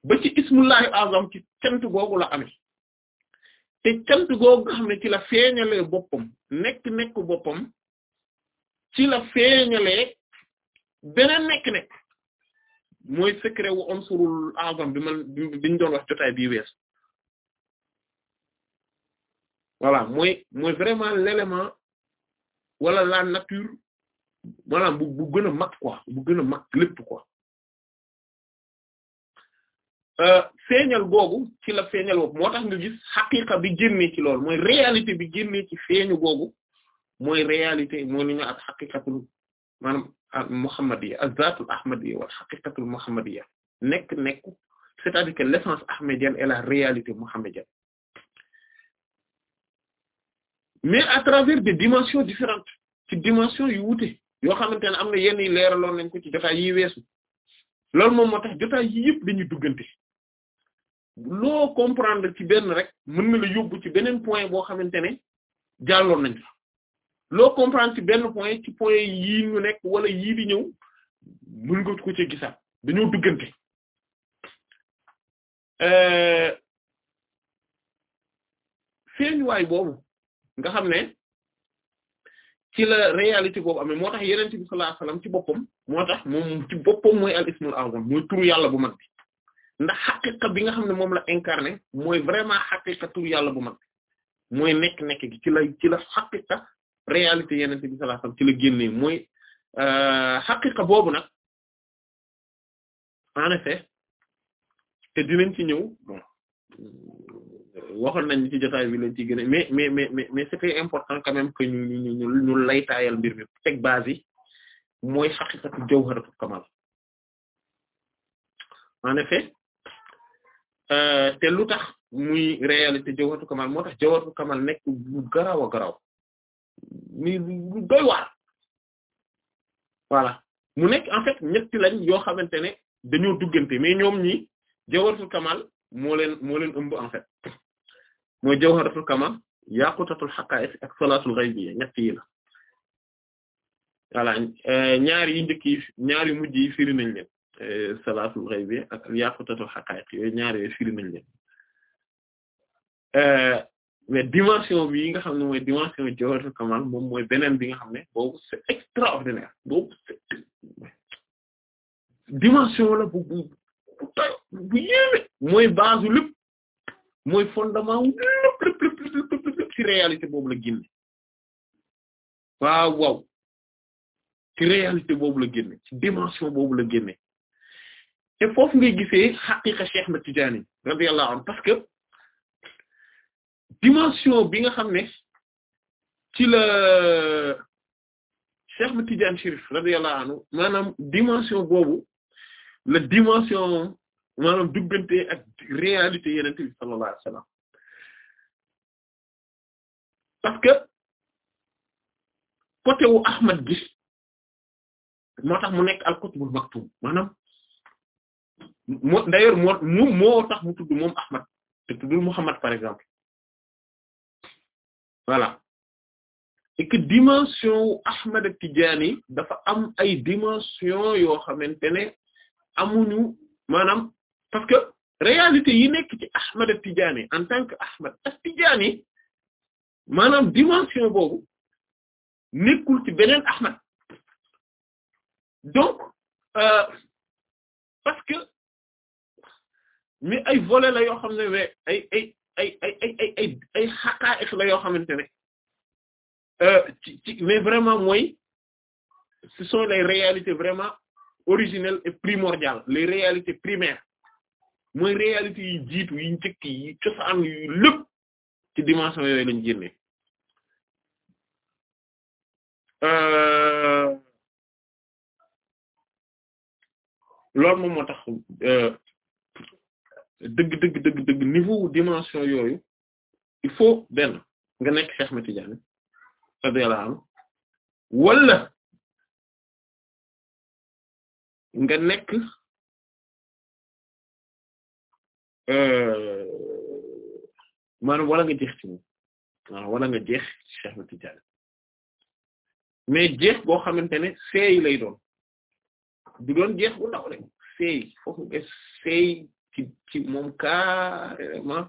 ba ci ismullahi azam ci cant googu la amee te cant googu nga xam ne ci la feeñalee boppam nekk nekk boppam ci la feeñalee beneen nekk nekk mooy secret wu unsurul azam bi man biñ doon wax jotaay bii wees voilà mooy mooy vraiment l'élément wala la nature maanaam bu bu gën a mag quoi bu gën a mag lépp quoi googu euh, ci la feeñal moo tax nga gis xaqiqa bi génnee ci loolu mooy réalité bi génnee ci feeñu googu mooy réalité mooy li ñu ak al muhammadiyya az-zaatul ahmadiyya wal haqiqatul nekk nekk c'est-à-dire que l'essence ahmadienne et la réalité mohammedienne mais à travers des dimensions différentes ci dimension yu wuute yoo xamante ne am na yenn yi leeraloon nañ ko ci jotaay yi weesu loolu moom moo tax jotaay yi yëpp dañuy duggante loo comprendre ci benn rek mën na la yóbbu ci beneen point boo xamante ne jàlloon nañ loo comprendre ci benn point ci point yii ñu nekk wala yii di ñëw mën nga ko ci gisaat dañoo duggante euh, feeñuwaay boobu nga xam ne ci la réalité boobu amee moo tax yeneen bi sallallahu alayhi ci boppam moo moom ci boppam mooy al ismul mooy turu yàlla bu mag ndax xaqiqa bi nga xam ne moom la incarné mooy vraiment xaqiqa turu yàlla bu mag bi mooy nekk-nekk gi la ci la xaqiqa réalité yenente bi sallallahu alayhi ci la génnee mooy euh, xaqiqa boobu nag en effet te dinañ ci ñëw bon waxoon nañ ci jotaay bi lañ ci gën mais mais mais mais c'était important quand même que ñu ñu ñu ñu laytaayal mbir mi teg base yi mooy xaqiqatu jawharatul kamal en effet euh, te lu tax muy réalité jawharatul kamal moo tax jawharatul kamal nekk bu garaaw a garaaw ni doy waar voilà mu nekk en fait ñetti lañ yoo xamante ne dañoo duggante mais ñoom ñi jawharatul kamal moo leen moo leen ëmb en fait mooy kamal yaqutatul haqa'iq ak salatul ghaybiyya ñett yi la voilà euh, ñaar yi njëkk yi mujj yi firi nañ leen euh, salatul ghaybiyya ak yaqutatul haqa'iq yooyu ñaar firi nañ leen euh, mais dimension bi nga xam ne mooy dimension Jawharatul Kamal moom mooy beneen bi nga xam ne boobu c'est extraordinaire boobu dimension la bu bu bu mooy base u mooy fondement wu lépp
lépp lépp lépp ci réalité boobu la génne waaw waaw
ci réalité boobu la génne ci dimension boobu la génne te foofu ngay gisee xaqiqa Cheikh Ahmed Tidiane radiyallahu parce que dimension bi nga xam ne ci la Cheikh ma Tidiane Chérif radiyallahu anhu maanaam dimension boobu la dimension maanaam duggante ak réalité yeneen bi
parce que côté wu Ahmad gi moo tax mu nekk al-qutbul maktum maanaam moo d'ailleurs
moo moo tax mu tudd moom Ahmad te tuddul Muhammad par exemple voilà et dimension wu Ahmad ak Tidjani dafa am ay dimension yoo xamante ne amuñu maanaam parce que réalité yi nekk ci Ahmad ak Tidjani en tant que Ahmad ak Tidjani maanaam dimension boobu nekkul ci beneen Ahmad
donc euh, parce que
ay volets la yoo xam ne mais ay ay ay ay ay ay ay ay xaqaa'iq la yoo xamante ne euh, mais vraiment mooy si sont les réalités vraiment originelles et primordiales les réalités primaires mooy réalités yi jiitu yi njëkk yi cosaan yu lépp
ci dimension yooyu lañ génnee
euh, loolu moom moo tax euh,
dëgg dëgg dëgg dëgg niveau dimension yooyu il faut benn nga nekk Cheikh Ahmed Tidiane radiyallahu anhu wala
nga nekk euh, maanaam wala nga jeex ci moom
wala nga jeex ci Cheikh Ahmed Tidiane mais jeex boo xamante ne seey lay doon du jeex bu ndaw rek seey foofu nga seey ci moom carrément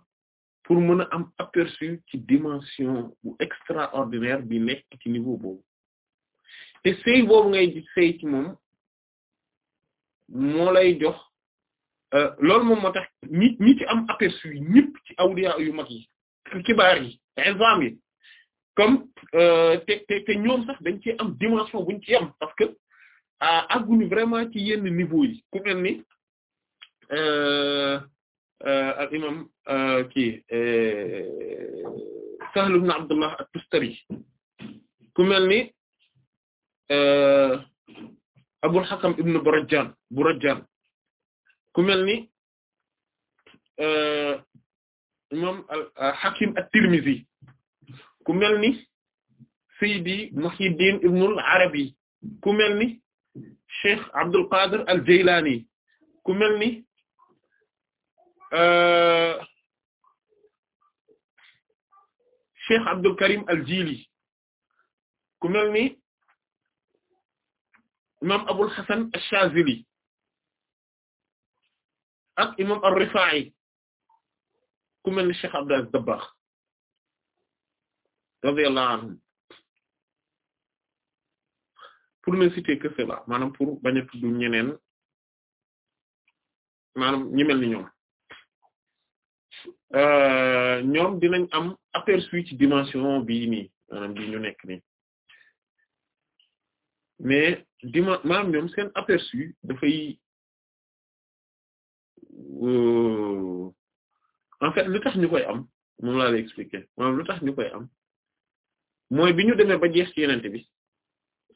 pour mën a am aperçu ci dimension bu extraordinaire bi nekk ci niveau boobu te sëy boobu ngay sëy ci moom moo lay jox euh, loolu moom moo ñi ñi am aperçu yi ñëpp ci awliya yu mag yi kibaar yi exemple comme euh, te te ñoom sax dañ ci am dimension buñ ci am parce que euh, àgguñu vraiment ci yenn niveau yi ku mel ni al imam kii Sahl ibn Abdullah at-Tustari ku mel ni Abul Hakam ibn Burajjan Burajjan ku mel ni imam al-Hakim at-Tirmidhi ku mel ni Seydi Muhyiddin ibn al-Arabi ku mel ni Cheikh Abdul Qadir al-Jaylani ku mel ni Euh,
Cheikh Abdul Karim al-Jili ku mel ni imam Abul Hasan al-Shazili ak imam ar-Rifa'i ku mel ni Cheikh Abdul Dabbagh
radiyallahu anhum pour ne citer que cela maanaam pour bañ a tudd ñeneen ni ñoom Euh, ñoom dinañ am aperçu ci dimension bii nii maanaam bii nekk nii mais dima maanaam ñoom seen aperçu dafay euh, en fait lu tax ñu koy am moom laa lay expliquer mooy bi ñu demee ba jeex ci yenente bi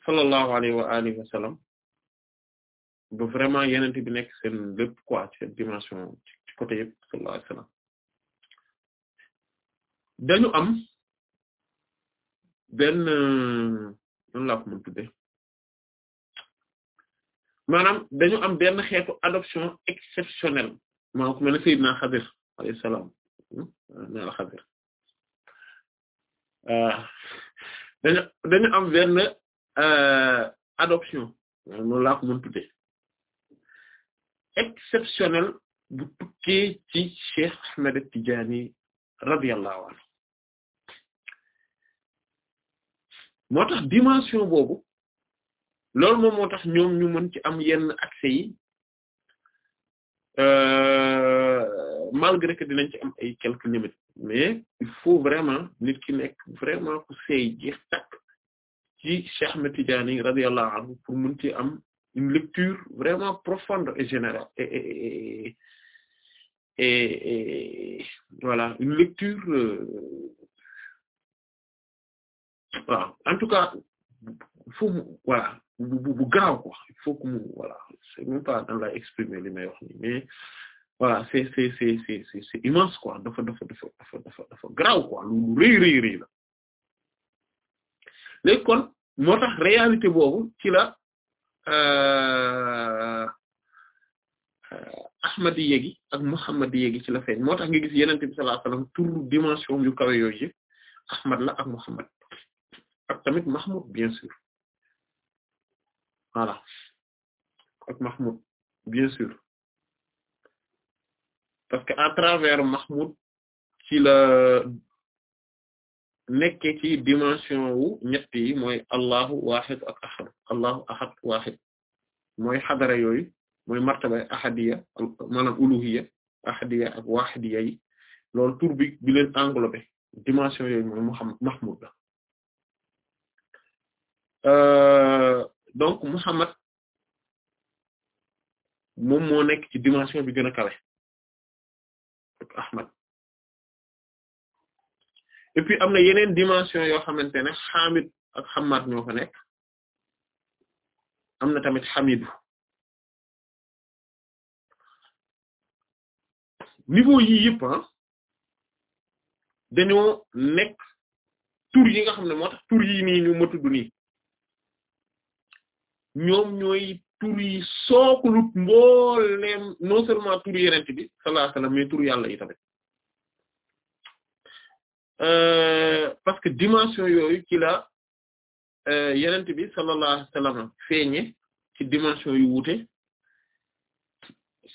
sallallahu alayhi wa vraiment yenente bi nekk seen lépp quoi ci dimension ci côté yëpp sallallahu alayhi dañu am benn lan laa ko mën tudde dañu am benn xeetu adoption exceptionnelle maa ko mel ne Seydina Xadir hmm, na la Xadir euh, dañu dañu am benn euh, adoption noonu laa ko mën tudde bu tukkee ci Cheikh Ahmed Tidiane radiyallahu anhu moo tax dimension boobu loolu moo tax ñoom ñu mën ci am yenn accès yi euh, malgré que dinañ ci am ay quelques limites mais il faut vraiment nit ki nekk vraiment ku seey jeex takk ci Cheikh Ahmed Tidiane radiyallahu pour mën ci am une lecture vraiment profonde et générale et et et une lecture euh, waaw en tout cas faut mu bu bu garaaw quoi il faut que mu voilà c'est même pas dans la li may wax ni mais voilà c'est c'est c'est c'est c'est immense quoi dafa dafa dafa dafa dafa dafa garaaw lu rëy rëy rëy kon moo tax réalité boobu ci la euh, euh, ahmadi ak muhammadi yegi ci la moo tax nga gis yenente bi sallallahu alayhi dimension yu kawe yooyu yëpp ahmad la ak muhammad ak tamit Mahmoud bien sûr
voilà ak Mahmoud bien sûr
parce que à travers Mahmoud ci la nekke ci dimension wu ñett yi Allahu wahid ak ahad Allahu ahad wahid mooy xadara yooyu mooy martabay ahadiya maanaam uluhiyya ahadiya ak yi loolu tur bi bi leen englobé dimension yooyu mooy Euh, donc Muhammad moom moo nekk ci dimension bi gën a kawe
Ahmad et puis am na yeneen dimension yoo xamante ne Hamid ak Hamad ñoo fa nekk am na tamit Hamidu
niveau yii yëpp ah nekk tur yi nga xam ne tax tur yii nii ñu ma tudd ñoom ñooy tur yi sookulut mbooleem non seulement tur yenent bi mais tur yàlla yi euh, parce que dimension yooyu ci la euh, bi sallallahu alayhi feeñe ci dimension yu wuute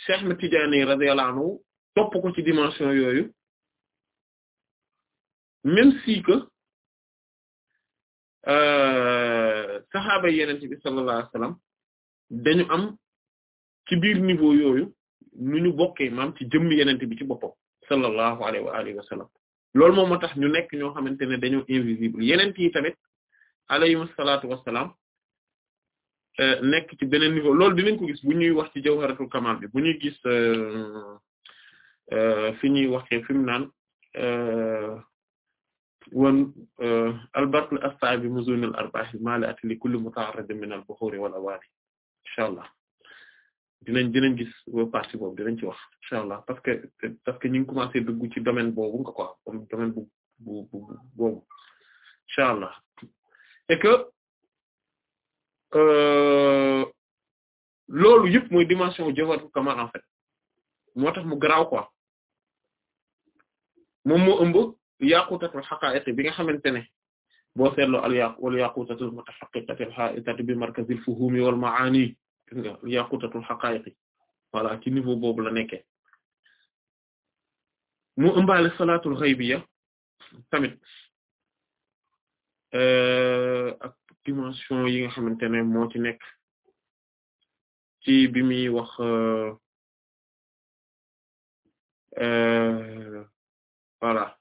Cheikh Tidiane radiyallahu anhu topp ci dimension yooyu même si
que euh, saxaaba yeneen bi sallallahu
alayhi dañu am ci biir niveau yooyu nu ñu bokkee maam ci jëmm yeneen bi ci boppam sallallahu alayhi wa alihi loolu moom moo tax ñu nekk ñoo xamante ne dañoo invisible yeneen yi tamit alayhim salaatu wassalaam euh, nekk ci beneen niveau loolu dinañ ko gis bu ñuy wax ci jawharatul kamal bi bu ñuy gis euh, euh, fi ñuy waxee fi mu naan won eh, albarkl asta bi muzunil arbahi mali atli kulli mutaarradin min al buxuri wal awaani incha allah dinañ dinañ gis partie boobu dinañ ci wax incha allah parce que parce que ñu commencé dugg ci domaine boobu nga quoi comme domaine bu bu bu allah et que euh, loolu yëpp mooy dimension jawhar kamal en fait moo tax mu garaaw quoi moom moo ëmb yaqutatul haqa'iq bi nga xamante ne boo seetloo al yaq wal yaqutatul mutahaqqiqatil ha'itati bi markazil fuhumi wal ma'ani gis nga yaqutatul haqa'iq voilà ci niveau boobu la nekkee mu ëmbaale salaatul ghaybiyya tamit euh, ak dimension yi nga xamante ne moo ci nekk ci muy wax euh,
euh, voilà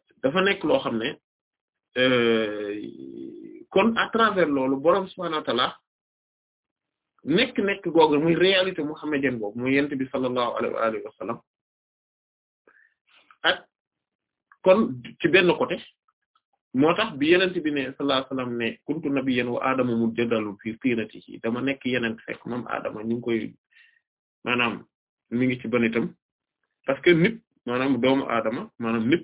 dafa nekk loo xam ne euh, kon à travers loolu borom subhaanahu nekk nekk googu muy réalité muhammadienne boobu muy yent bi sallallahu alayhi wa alihi kon ci benn côté moo tax bi yenent bi ne sallallahu alayhi wa sallam ne kuntu nabiyyan wa aadama mu jëndalul fii tiinatihi dama nekk yenent fekk moom aadama ñu ngi koy maanaam mi ngi ci banitam parce que nit maanaam doomu aadama maanaam nit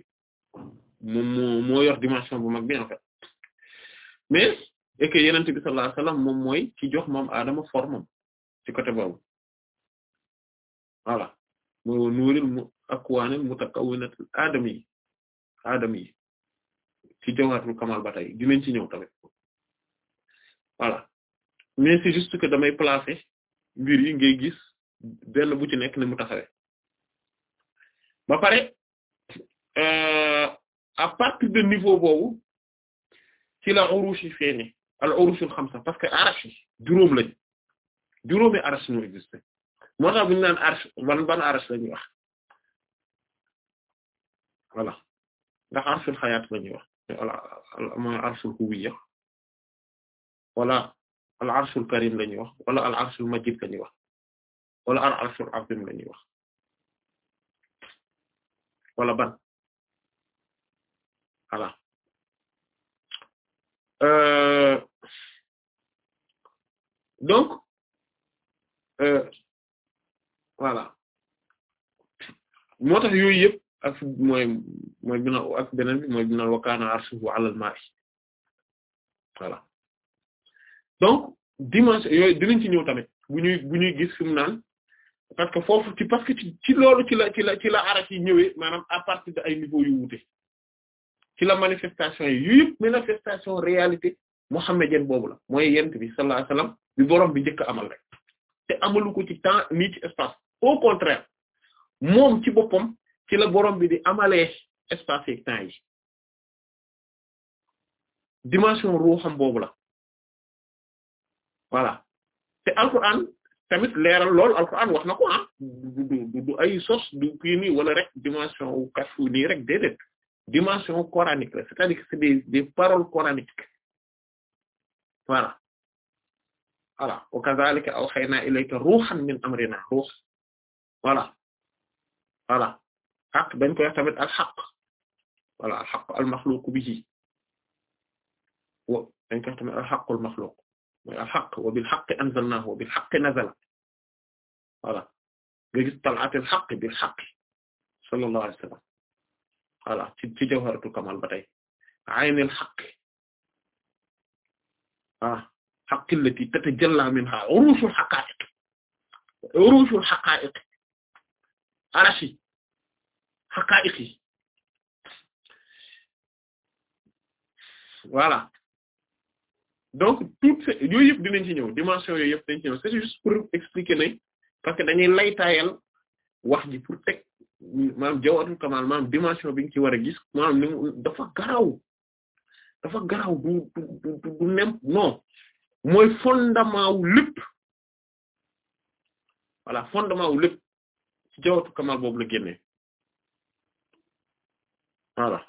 moom moo moo yor dimension bu mag bi en fait mais et que yenente bi moom mooy ci jox moom aadama formam ci côté boobu voilà mooy wa nuuril mu akwaanil mutakawwinatil aadam yi aadam yi ci jawharatul kamal ba tey ci ñëw tamit voilà mais c'est juste que damay placer mbir yi ngay gis benn bu ci nekk ne mu taxawee ba pare euh, à partir de niveau boobu ci la urush yi feeñe al urushul parce que arash yi juróom lañ juróomi arash ñoo existé moo tax bu ñu naan arash ban ban arash la wax voilà ndax arshul xayaat wax
mooy arshul wala al arshul karim la ñuy wax wala al arshul majid la ñuy wax wala al arshul azim la ñuy wax wala ban voilà euh,
donc euh, voilà moo tax yooyu yëpp ak mooy mooy bina ak beneen bi mooy bina wakaana arsuhu alal donc dimanche yooyu dinañ ci ñëw tamit bu ñuy gis fi parce que foofu ci parce que ci loolu ci la ci la ci la araf yi ñëwee maanaam à de ay niveau ci la manifestation yi yu yëpp manifestation réalité mohammedienne boobu la mooy yent bi sallallahu alayhi bi boroom bi njëkk amal rek te amalu ko ci temps ni ci espace au contraire moom ci boppam kila la boroom bi di amale espace yi temps yi dimension ruuxam boobu la voilà te alquran tamit leeral lool alquran wax na ko ah du du ay sos du kii wala rek dimension wu kasu nii rek déedéet dimension coranique la c'est-à-dire que c'est min amrinaa ruux voilà voilà xaq dañ koy wax tamit al xaq voilà bihi wa dañ koy wax tamit al xaqul maxluuq wa bil xaqi wa bil nazala voilà nga gis talaatil xaq sallallahu alayhi wa sallam voilà ci ci jawharatul kamal ba tey aynil haqq ah haqq allati tatajalla minha urushul haqa'iq urushul haqa'iq arashi haqa'iqi voilà donc toutes ces yooyu yëpp dinañ ci ñëw dimension yooyu yëpp dinañ c'est juste pour expliquer ne parce que dañuy laytaayal wax ji teg maanaam jawharatul kamal maanaam dimension bi ñu ci war a gis maanaam ni mu dafa garaw dafa garaw du du du du nem non mooy fondement wu lépp voilà fondement wu lépp ci jawharatul kamal boobu la génnee voilà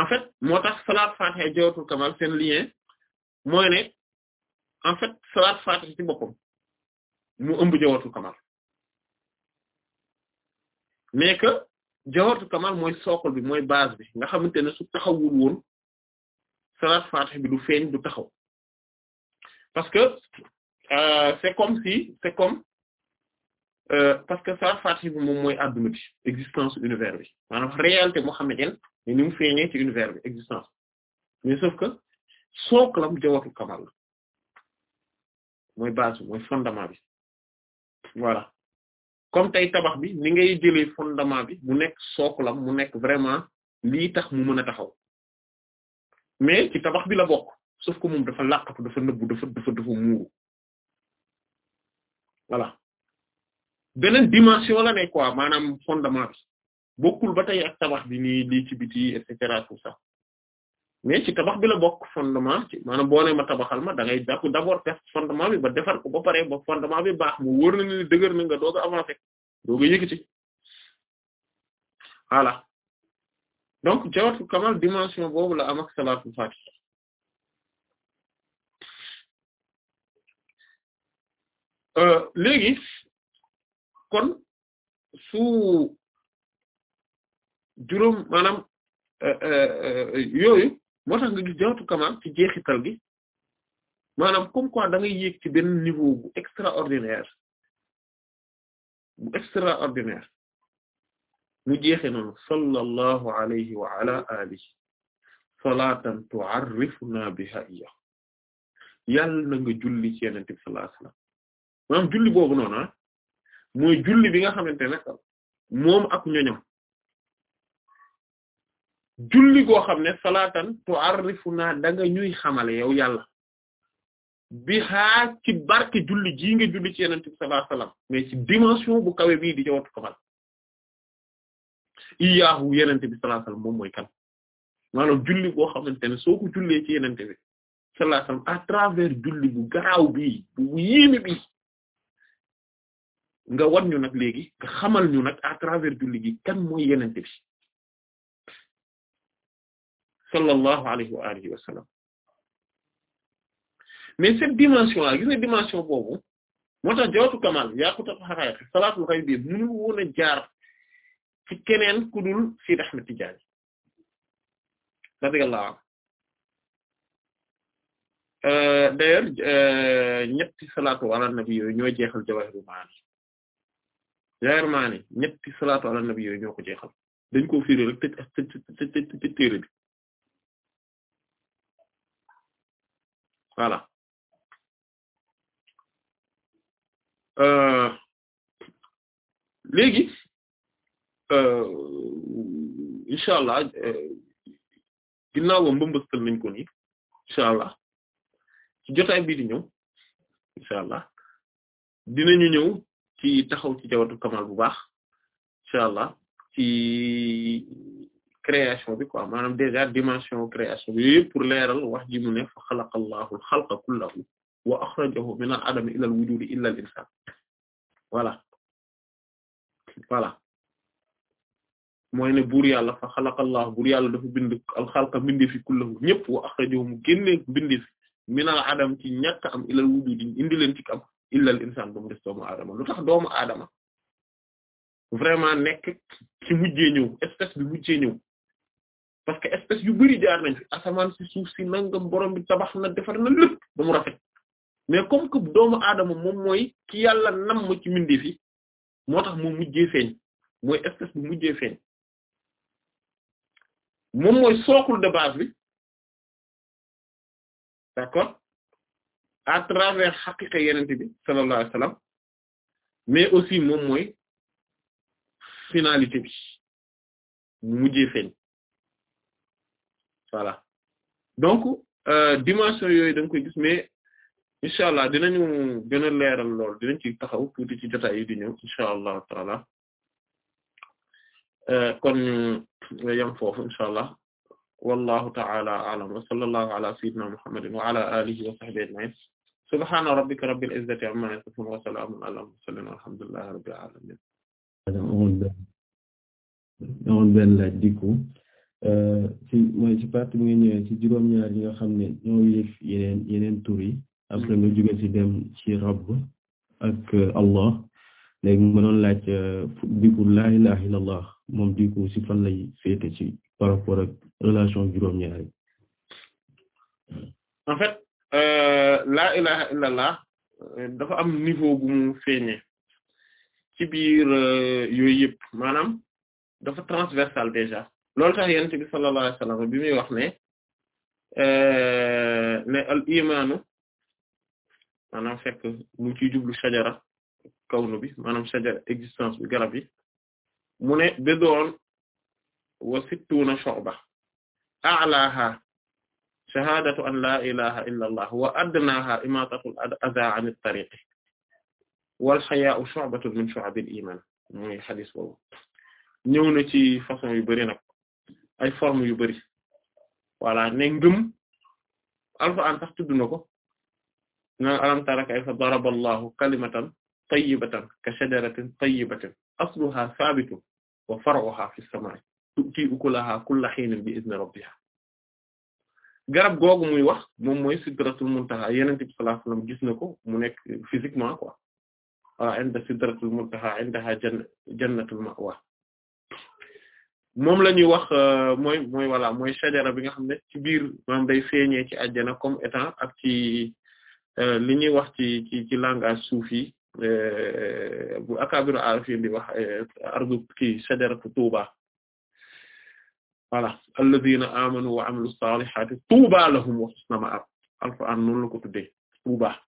en fait moo tax salaat fatiha jawharatul kamal seen lien mooy ne en fait salaat fatiha ci boppam mu ëmb jawharatul kamal mais que jawharatul kamal mooy sookal bi mooy base bi nga xamante ne taxaw taxawul woon salat fatih bi du feeñ du taxaw parce que euh, c'est comme si c'est comme euh, parce que salat fatih bi moom mooy adduna bi existence univers bi maanaam réalité mohammedienne ni mu feeñee ci univers bi existence mais sauf que sookalam jawharatul kamal la base bi mooy fondement bi voilà comme tey tabax bi ni ngay jëlee fondement bi mu nekk sook sookulam mu nekk vraiment lii tax mu mën a taxaw mais ci tabax bi la bokk sauf ko moom dafa làqatu dafa nëbbu dafa dafa dafa muuru voilà beneen dimension la ne quoi maanaam fondement bi bokkul ba tey ak tabax bi nii lii ci biti et cetera tout ça mais ci tabax bi la bokk fondement ci maanaam boo ne ma tabaxal ma da ngay jàpp test fondement bi ba defar ko ba pare ba fondement bi baax mu wóor ni dëgër na nga doog avancer doog a yëkkati voilà donc jawatu kamal dimension
boobu la am ak salaatul faatiha euh, léegi kon
su juróom maanaam euh, euh, yooyu moo tax nga gis jawatu kamal ci jeexital gi maanaam comme quoi da ngay yéeg ci benn niveau bu extraordinaire bu extraordinaire noonu sallallahu alayhi wa ala alihi salaatan tu'arrifuna biha iya yàlla na nga julli ci yenente bi sallallahu alayhi julli boobu noonu ah, mooy julli bi nga xamante ne moom ak ñoñam julli goo xam ne salaatan a naa da nga ñuy xamale yow yàlla bi xaa ci barke julli jii nga julli ci yenente bi sallallahu alayhi bii di ca watu xamal moom mooy kan maanaam julli goo xamante ne soo ko jullee ci yenente bi sallallahu alayhi wasallam travers julli bu garaaw bii bu yéeme bii nga wan ñu nag léegi nga xamal ñu nag à travers julli gi kan mooy yenente bi sallallahu alayhi wa alihi wa sallam mais cette dimension là gis nga dimension boobu moo tax jawatu kamal yaakutat xaqaayiq salaatul xayb bi mënu woon a jaar ci keneen ku dul Sidi Ahmed Tidiane radiyallahu anhu d'ailleurs ñetti salaatu ala yooyu ñoo jeexal jawahirul maani jawahir maani ñetti salaatu ala yooyu ñoo ko jeexal dañ koo firi rek tëj tëj tëj tëj téere bi
voilà euh, léegi
euh, incha allah euh, ginnaaw ba mbambastal nañ ko nii incha allah ci jotaay bii di ñëw incha allah dinañu ñëw ci taxaw ci jawatu kamal bu baax incha allah ci création bi quoi maanaam déjà dimension création bi yëpp pour leeral wax ji mu ne fa al wujudi illa al-insan voilà mooy ne buur yàlla fa xalaqa Allah buur yàlla dafa bind al-xalqa mbindeefi kullahu ñëpp wa axrajahu mu génne mbindeefi min al-adam ci ñàkk am ila al-wujudi indi leen ci am illa al-insan ba mu des doomu vraiment nekk ci mujjee ñëw espèce bi mujjee ñëw parce que espèce yu bari jaar nañ fi asamaan si suuf si nangam borom bi tabax na defar na lépp ba rafet mais comme que doomu aadama moom mooy ki yàlla namm ci mbindeef yi moo tax mu mujjee feeñ moom mooy socle
bi d'accord à travers xaqiqa yenente bi bi mu
mujjee feeñ voilà donc euh, dimension yooyu da nga koy gis mais incha allah dinañu gën a leeral lool dinañ ci taxaw tuuti ci jotaay yi di ñëw incha allah taala euh, kon ñu yam foofu incha allah wallahu taala a'lam wa sallallahu ala sayyidina muhammadin wa ala alihi wa sahbihi ajma'in subhana rabbika rabbil izzati amma yasifun wa salamun ala mursalin walhamdulillahi rabbil alamin
amoon benn laaj dikku Euh, ci mooy ci partie bi nga ñëwee ci juróom-ñaar yi nga xam ne ñoo yëf yeneen yeneen tur yi après nga jóge ci dem ci rabb ak euh, allah léegi ma doon laaj euh, diku laa ilaha illallah moom diku ci fan lay féete ci par rapport ak relation juróom-ñaar
en fait laa ilaha illallah dafa am niveau gu feeñee ci biir yooyu maanaam dafa transversal déjà loolu tax yonent bi sallallahu alayhi wasallam bi muy wax ne euh, ne al imaanu maanaam fekk mu ciy jublu sajara kawnu bi maanaam sajara existence bi garab yi mu ne bidoon wa sittuna shu'ba a'laha shahadatu an la ilaha illa allah wa adnaha imatatu al adha 'an at-tariq wal haya'u shu'batun min shu'abil iman muy xadis boobu ñëw na ci façon yu bari nag ay forme yu bari voilà ne ngëm alxuraan sax tudd na ko na alam tara kayfa daraballahu kalimatan tayyibatan ka shajaratin tayyibatin asluha sabitun wa far'uha fi samaa'i tu'ti ukulaha kulla hiinin bi izni rabbiha garab googu muy wax moom mooy sidratul muntaha yonent bi sallallahu alayhi wasallam ko mu nekk physiquement quoi inda sidratul muntaha indaha jannatul ma'wa moom lañuy wax euh, mooy mooy voilà mooy sajara bi nga xam ne ci biir maanaam day feeñee ci àjjana comme étant ak ci euh, li ñuy wax ci ci ci langage suufi euh, bu akabiru arifin di wax ardu kii sajaratu tuuba tuuba lahum wa husna ma'ab alquran noonu la tuuba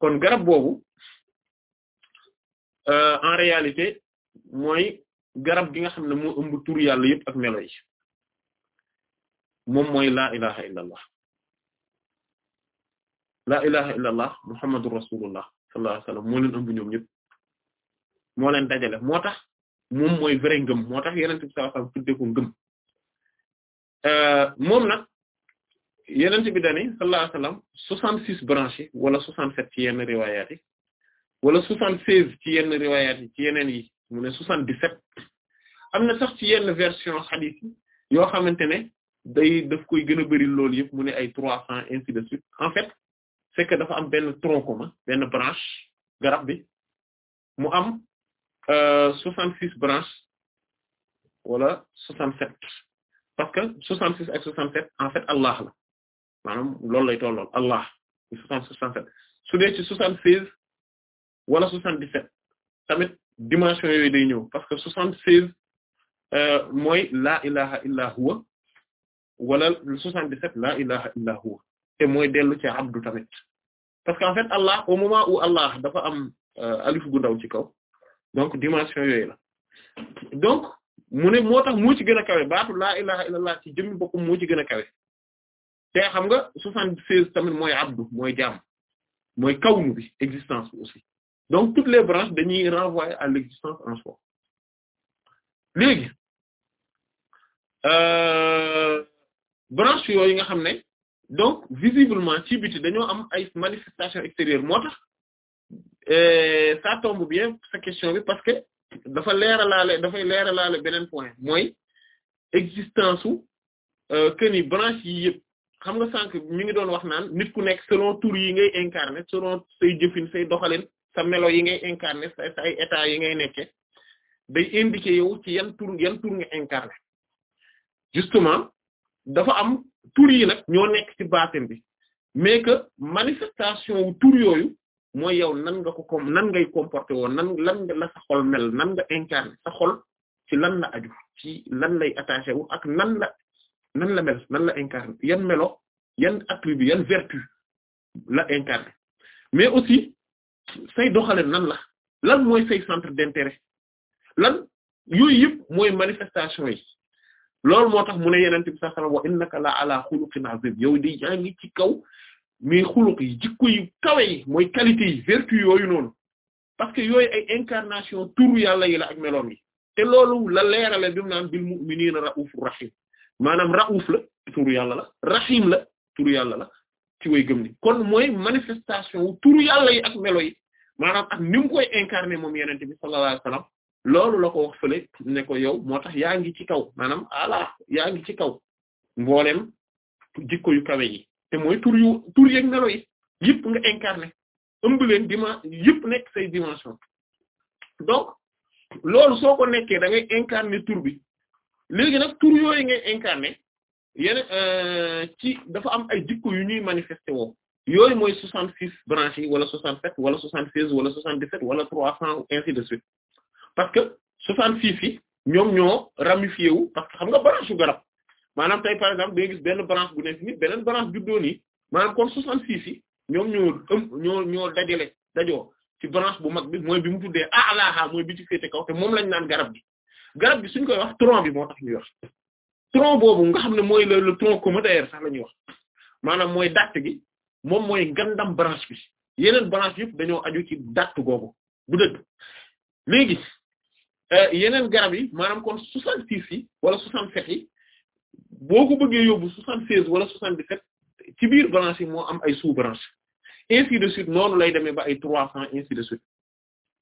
kon garab boobu en réalité mooy garab gi nga xam ne moo ëmb tur yàlla yëpp ak meloy yi moom mooy laa ilaha illallah laa ilaha illallah muhammadur rasulullah sallallahu alayhi wasallam len leen ëmb dajale moo tax moom mooy vrai ngëm moo tax yonent bi sallallahu alayhi euh, soixante-six branches wala soixante-sept ci yenn riwaayaat wala soixante-seize ci yenn riwaayaat ci yeneen yi mu ne 77 am na sax ci yenn version xadis yi yoo xamante ne day daf koy gën a bëri loolu yëpp mu ne ay 300 ainsi de suite en fait c'est dafa am benn tronc benn branche garab bi mu am 66 euh, branches wala 67 parce que 66 ak 67 en fait Allah la maanaam loolu lay tollool Allah ci 67 su dee ci 76 wala 77 tamit. dimension yooyu day ñëw parce que soixante seize euh, mooy laa ilaha illa huwa wala soixante dix sept laa ilaha illa huwa te mooy dellu ci abdu tamit parce que en fait allah au moment où allah dafa am euh, alif gu ndaw ci kaw donc dimension yooyu la donc mu ne moo tax moo ci gën a kawe baatu laa ilaha illallah ci jëmmi boppam ci gën kawe te xam nga soixante seize tamit mooy abdu mooy jaam mooy kawnu bi existence aussi donc toutes les branches dañuy renvoyer à l'existence en soi léegi euh, branche yooyu nga xam ne donc visiblement ci biti dañoo am ay manifestations extérieures moo tax euh, ça tombe bien sa question bi parce que dafa leeralaale dafay laale beneen point mooy existence su euh, que ni yi yëpp xam nga sànq ñu ngi doon wax naan nit ku nekk selon tour yi ngay incarner selon say jëfin say doxalin sa melo yi ngay incarner ay état yi ngay nekke day indiquer yow ci yan tour yan tour nga incarner justement dafa am tour yi nag ñoo nekk ci baatin bi mais que manifestation wu tur yooyu mooy yow nan nga ko nan ngay comporter woon nan lan la sa xol mel nan nga incarner sa xol ci lan la aju ci lan lay attaché wu ak nan la nan la mel nan la incarner yan melo yan attribut yan vertu la incarner mais aussi say doxalin nan la lan mooy say centre d'intérêt lan yooyu yëpp mooy manifestation yi loolu moo tax mu ne yeneen bi sax wa innaka la ala xuluqin azim yow di yaa ci kaw mais xuluq yi jikko kawe yi mooy qualité yi vertu yooyu noonu parce que yooyu ay incarnation turu yàlla yi la ak meloom yi te loolu la leerale bi mu naan bil mu'minina ra'ufur rahim maanaam ra'uf la turu yàlla la rahim la turu yàlla la ci way gëm ni kon mooy manifestation wu turu yàlla yi ak melo yi maanaam ak ni mu koy incarné moom yenente bi sallallahu alayhi wasallam loolu la ko wax fële ne ko yow moo tax yaa ngi ci kaw maanaam ala yaa ci kaw mboolem jikko yu kawe yi te mooy tur yu tur yeeg melo yi yëpp nga incarné ëmb leen dimen yëpp nekk say dimension donc loolu soo ko nekkee da ngay incarné tur bi léegi nag tur yooyu ngay incarné yeneen euh, ci dafa am ay jikko yu ñuy manifesté woo yooyu mooy soixante six branches wala soixante wala soixante seize wala soixante dix sept wala trois cents ainsi de suite parce que soixante six yi ñoom ñoo ramifié wu parce que xam nga branche yu garab maanaam tey par exemple benn branche bu nekk ni beneen branche juddoo nii maanaam kon soixante six yi ñoom ñoo ëm le ñoo dajale dajoo ci branche bu mag bi mooy bi mu tuddee ah alaha mooy bi ci féete kaw te moom lañ naan garab gi garab gi suñ koy wax tronc bi moo tax ñuy wax tronc boobu nga xam ne mooy le le tronc communautaire sax la ñuy wax maanaam mooy datt gi moom mooy gàndam branche bi yeneen branche yëpp dañoo aju ci datt googu bu dëgg léegi euh, yeneen garab yi maanaam kon soixante six yi wala soixante sept yi boo ko bëggee yóbbu soixante seize wala soixante dix sept ci biir branche yi moo am ay sous branche ainsi de suite noonu lay demee ba ay trois cents ainsi de suite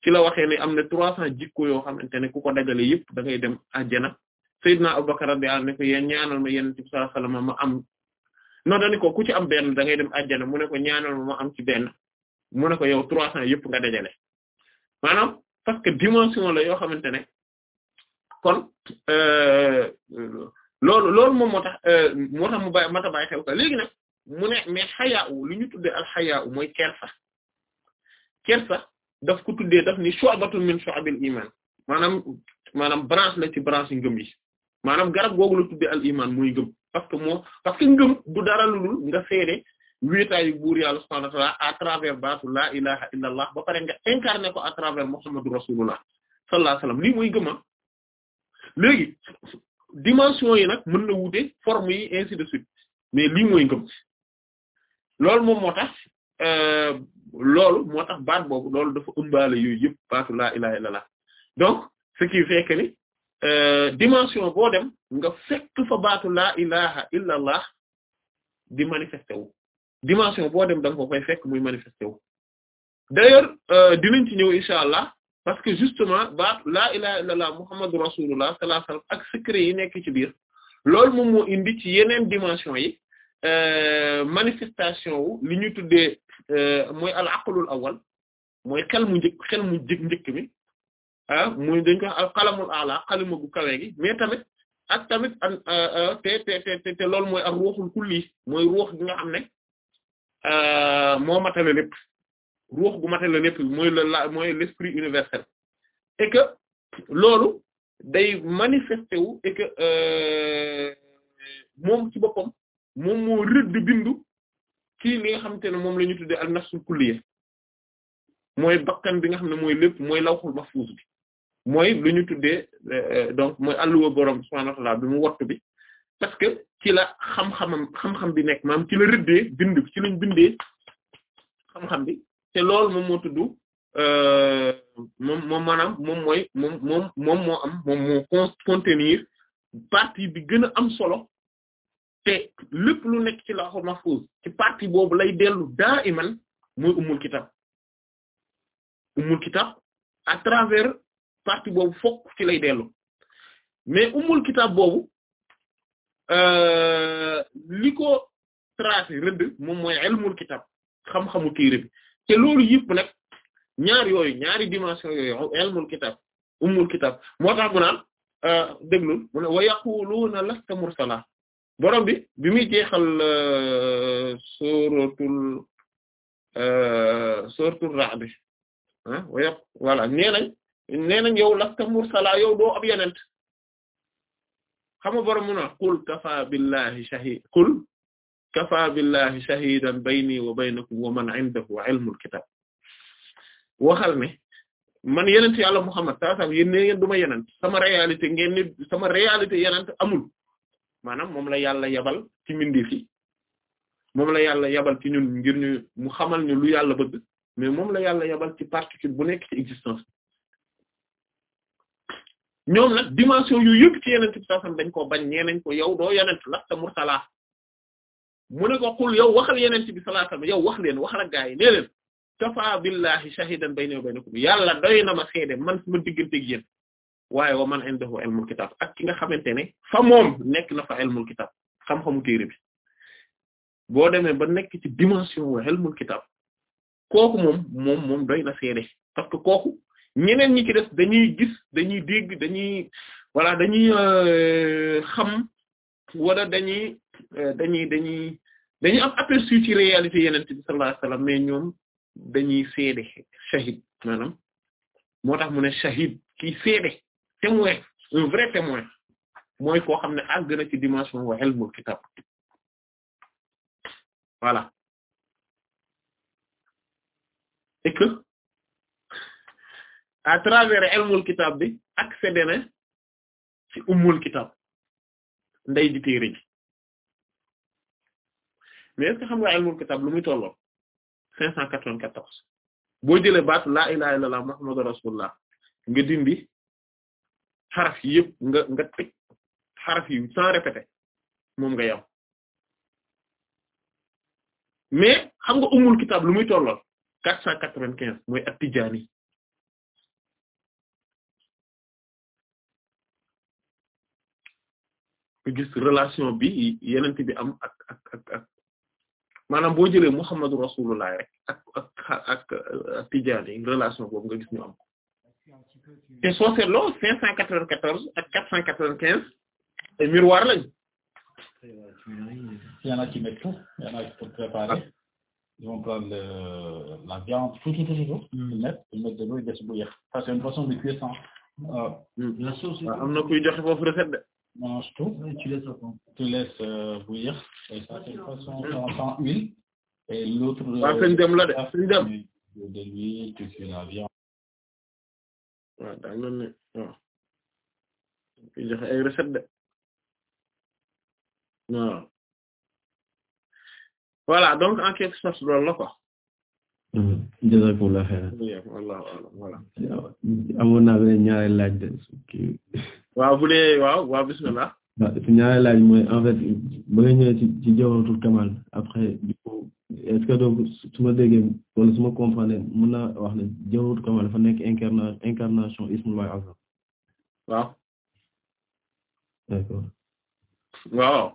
ci la waxee ne am na trois cents jikko yoo xamante ne ku ko dajale yëpp da ngay dem àjjana Seydina Abubakar radiyallahu anhu ne ko yéen ñaanal ma yonent bi sallallahu alayhi wasallam ma am non dañu ku ci am benn da ngay dem àjjana mu ne ko ñaanal ma ma am ci benn mu ne ko yow trois cents yëpp nga dajale maanaam parce que dimension la yoo xamante ne kon euh, loolu loolu moom moo tax euh, moo tax mu bàyyi mata bàyyi xew ka léegi nag mu ne mais xayaa u li ñu tuddee al xayaa u mooy kersa kersa daf ko tuddee daf ni shu'batun min shu'abil iman maanaam maanaam branche la ci branche ngëm yi maanaam garab googu la tuddee muy iman mooy ngëm parce que moo parce que ngëm du dara lu dul nga seede wéetaayu buur yàlla subhaanahu wa ta'ala à travers baatu la ilaha illa allah ba pare nga incarné ko à travers muhammadu rasulullah sallallahu alayhi wasallam lii mooy gëma léegi dimension yi nag mën na wute forme yi ainsi de suite mais lii mooy ngëm loolu moom moo tax euh, loolu moo tax baat boobu loolu dafa ëmbaale yooyu yëpp baatu la ilaha illa donc ce qui fait ni Euh, dimension boo dem nga fekk fa baatu laa ilaha illa allah di manifesté dimension boo dem da nga ko koy fekk muy manifesté wu euh, dinañ ci ñëw incha allah parce que justement baatu laa ilaha illa allah muhammadu rasulullah sallallahu alayhi ak secret yi nekk ci biir loolu moom moo indi ci yeneen dimension yi euh, manifestation wu li ñu tuddee mooy al aqlul awal mooy xel mu njëkk xel mi ah muy dañ ko al qalamul a'la xalima gu kawe gi mais tamit ak tamit euh, euh, te te te mooy ak ruuxul kulli mooy ruux gi nga xam ne euh, moo matale lépp ruux gu matale lépp mooy la mooy l'esprit universel et que loolu day manifesté wu moom ci boppam moom moo rëdd bindu ci li nga xamante ne moom la ñu tuddee al nafsul kulliya mooy bakkan bi nga xam ne mooy lépp mooy lawhul mahfuz bi mooy lu ñu tuddee euh, donc mooy alluwa borom subhaanahu wa ta'aala bi mu wattu bi parce que ci la xam-xamam xam-xam bi nekk maanaam ci la rëddee bind ci lañ bindee xam-xam bi te loolu moom moo tudd euh, moom moo maanaam moom mooy moom moom moom moo am moom moo contenir partie bi gën a am solo te lépp lu nekk ci lawhul mahfuz ci partie boobu lay dellu daa iman mooy umul kitab umul kitab à travers partie boobu fokk ci lay dellu mais umul kitaab boobu euh, li ko tracé moom mooy ilmul kitaab xam-xamu téere bi te loolu yëpp nag ñaar yooyu ñaari dimension yooyu ilmul kitaab umul kitaab moo tax mu naan euh, déglul mu ne wa yaquluuna lasta mursala borom bi bi muy jeexal euh, suratul suratul bi ah voilà nee nañ nee nañ yow lasta mursala yow doo ab yenent xam nga borom mu na qul kafa billahi shahid qul kafa billahi shahidan bayni wa baynakum wa man indahu waxal ne man yenent yàlla Muhammad saa sam yéen ne ngeen ma yenent sama réalité ngeen amul maanaam moom la yàlla yabal ci mindi fi moom la yàlla yabal ki ñun ngir ñu mu xamal ñu lu yàlla bëgg mais moom la yàlla yabal ci particule bu nekk existence ñoom nag dimension yu yëpp ci yenent bi sallallahu alayhi dañ ko bañ ñee nañ ko yow doo yenent lasta mursala mu ne ko xul yow waxal yenent bi sallallahu alayhi wasallam yow wax leen waxal ak gaa yi nee leen kafa billahi shahidan bayni wa baynakum yàlla doy na ma seede man ma digganteeg yéen waaye wa man indahu ilmul kitab ak ki nga xamante ne fa moom nekk na fa ilmul kitab xam-xamu téere bi boo demee ba nekk ci dimension wa ilmul kitab kooku moom moom moom doy na seede ñeneen ñi ci des dañuy gis dañuy dégg dañuy voilà dañuy euh, xam wala dañuy euh, dañuy dañuy dañuy am aperçu ci réalité yeneen bi sallallahu alayhi wasallam ñoom dañuy seede shahid maanaam moo tax mu ne shahid kiy seede témoin vrai témoin mooy koo xam ne àgg na ci dimension wa ilmul kitab voilà et à travers ilmul kitab bi accédé na
ci ummul kitab nday di téere
ji xam nga ilmul kitab lu muy tolloo cinq cent quatre-vingt-quatorze boo jëlee baatu laa ilaha illallah muhammadu rasulullah nga dindi xaraf yi yëpp nga nga teg xaraf yi sans répéter moom nga yam mais xam nga ummul kitab lu muy tolloo quatre
cent quatre-vingt-quinze mooy at-Tijaani
ñu gis relation bi yenent bi am ak ak boo jëlee Muhammadu Rasulullah rek ak ak ak Tijaani relation boobu nga gis am te soo cinq cent quatre-vingt-quatorze ak quatre cent quatre-vingt-quinze ay miroir lañ
Il y en a qui mettent ah. de façon de cuire hmm. euh, sans ah, am na
kuy joxe foofu recette de mange tout. Oui, tu laisses au fond. Tu laisses euh, bouillir. Et ça, c'est façon, on prend huile. Et l'autre. waaw euh, la de seen dem. de
la de. waaw.
voilà donc en quelque sorte loolu la quoi.
Mm-hmm. jazakumullah
xeyran wallahu a'lam voilà
amoon naa beneen ñaareel laaj de kii
waaw bu dee waaw waaw bismillah
waaw si ñaareel laaj mooy en fait ba nga ñëwee ci ci kamal après est-ce que donc su ma déggee wala ma comprendre mën naa wax ne jawharatul kamal dafa nekk incarna incarnation ismullahi azam waaw waaw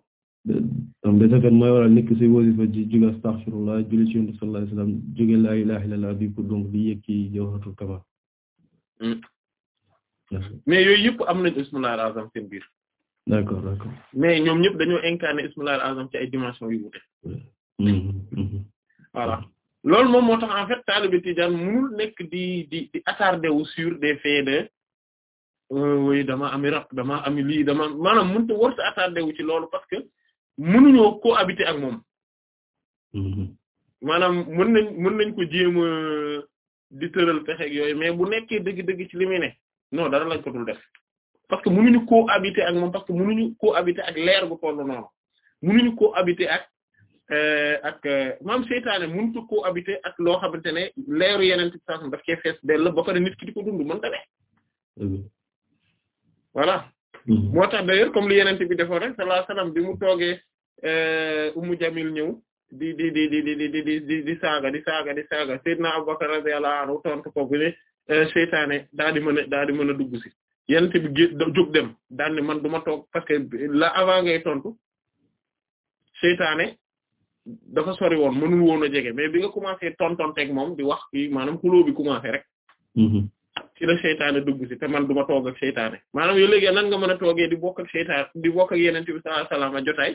am desakat mooy waral nekk ci wasifa ji jóge astaghfirullah julli ci yonent sallallahu alayhi wasallam jóge la ilaha illallah bi ko donc di yëg ci jawharatul kamal hmm. mais yooyu
yëpp am nañ ismullah al-azam seen biir d'accord d'accord mais ñoom ñëpp dañoo incarner ismullah al-azam ci ay dimension yu wuute hmm, hmm, voilà loolu moom moo tax en fait taalibe tijaan mënul nekk di di di attardé wu sur des faits de euh, oui dama ami rab dama ami lii dama maanaam mënut a war sa attardé wu ci loolu parce que mënuñoo cohabiter ak moom mm-hmm. maanaam mën nañ mën nañ ko jéem di tëral pexe ak yooyu mais bu nekkee dëgg-dëgg ci li muy ne non dara lañ ko dul def parce que mënuñu cohabiter ak moom parce que mënuñu cohabiter ak leer gu tollu noonu mënuñu cohabiter ak euh, ak euh, maam seytaane mënut a cohabiter ak loo xamante ne leeru yeneen ci saa daf cee ba pare nit ki di ko dund mënta Mm-hmm. moo tax d'ailleurs comme li yenente bi defoon rek sallallahu alayhi wasallam bi mu toogee euh, Ummu Jamil ñëw di di di di di di saaga di saaga di saaga Seydina Abubakar radiyallahu anhu tontu ko bu ne euh, seytaane daal di mën a daal di mën a dugg si yenente bi gé jóg dem daal ne man du ma toog parce que la avant ngay tontu seytaane dafa sori woon mënul woon a jege mais bi nga commencé tontonteeg moom di wax ki maanaam xuloo bi commencé rek mm-hmm. ci la seytaane dugg si te man du ma toog ak yo maanaam yow léegi nan nga mën a toogee di bokk ak seytaane di bokk ak yeneen bi sallallahu alayhi wasallam a jotaay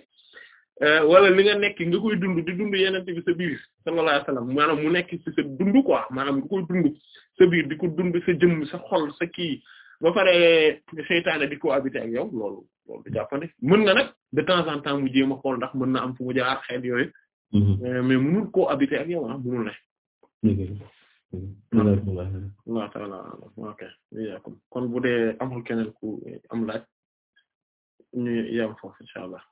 euh, wala li nga nekk nga koy dund di dund yeneen bi sa biir sallallahu alayhi wasallam maanaam mu nekk ci sa dund quoi maanaam nga koy dund sa biir di ko dund sa jëmm sa xol sa kii ba pare seytaane di ko habité ak yow loolu loolu du jàppande mën na nag de temps en temps mu jéem a xool ndax mën na am fu mu jaar xeet yooyu mhm. euh, mais mënul ko habité ak yow ah mënul
ne Hmm. Allah
ta'ala ok iyaakum kon bu dee amul keneen ku am laaj ñu yam foofu insha allah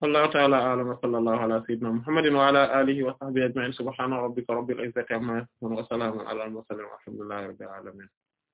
wallahu ta'ala a'lam wa sallallahu ala sayyidina muhammadin wa ala alihi wa sahbihi ajma'in subhana rabbika rabbil izzati amma yasifun wa salamun ala al mursalin walhamdulillahi rabbil alamin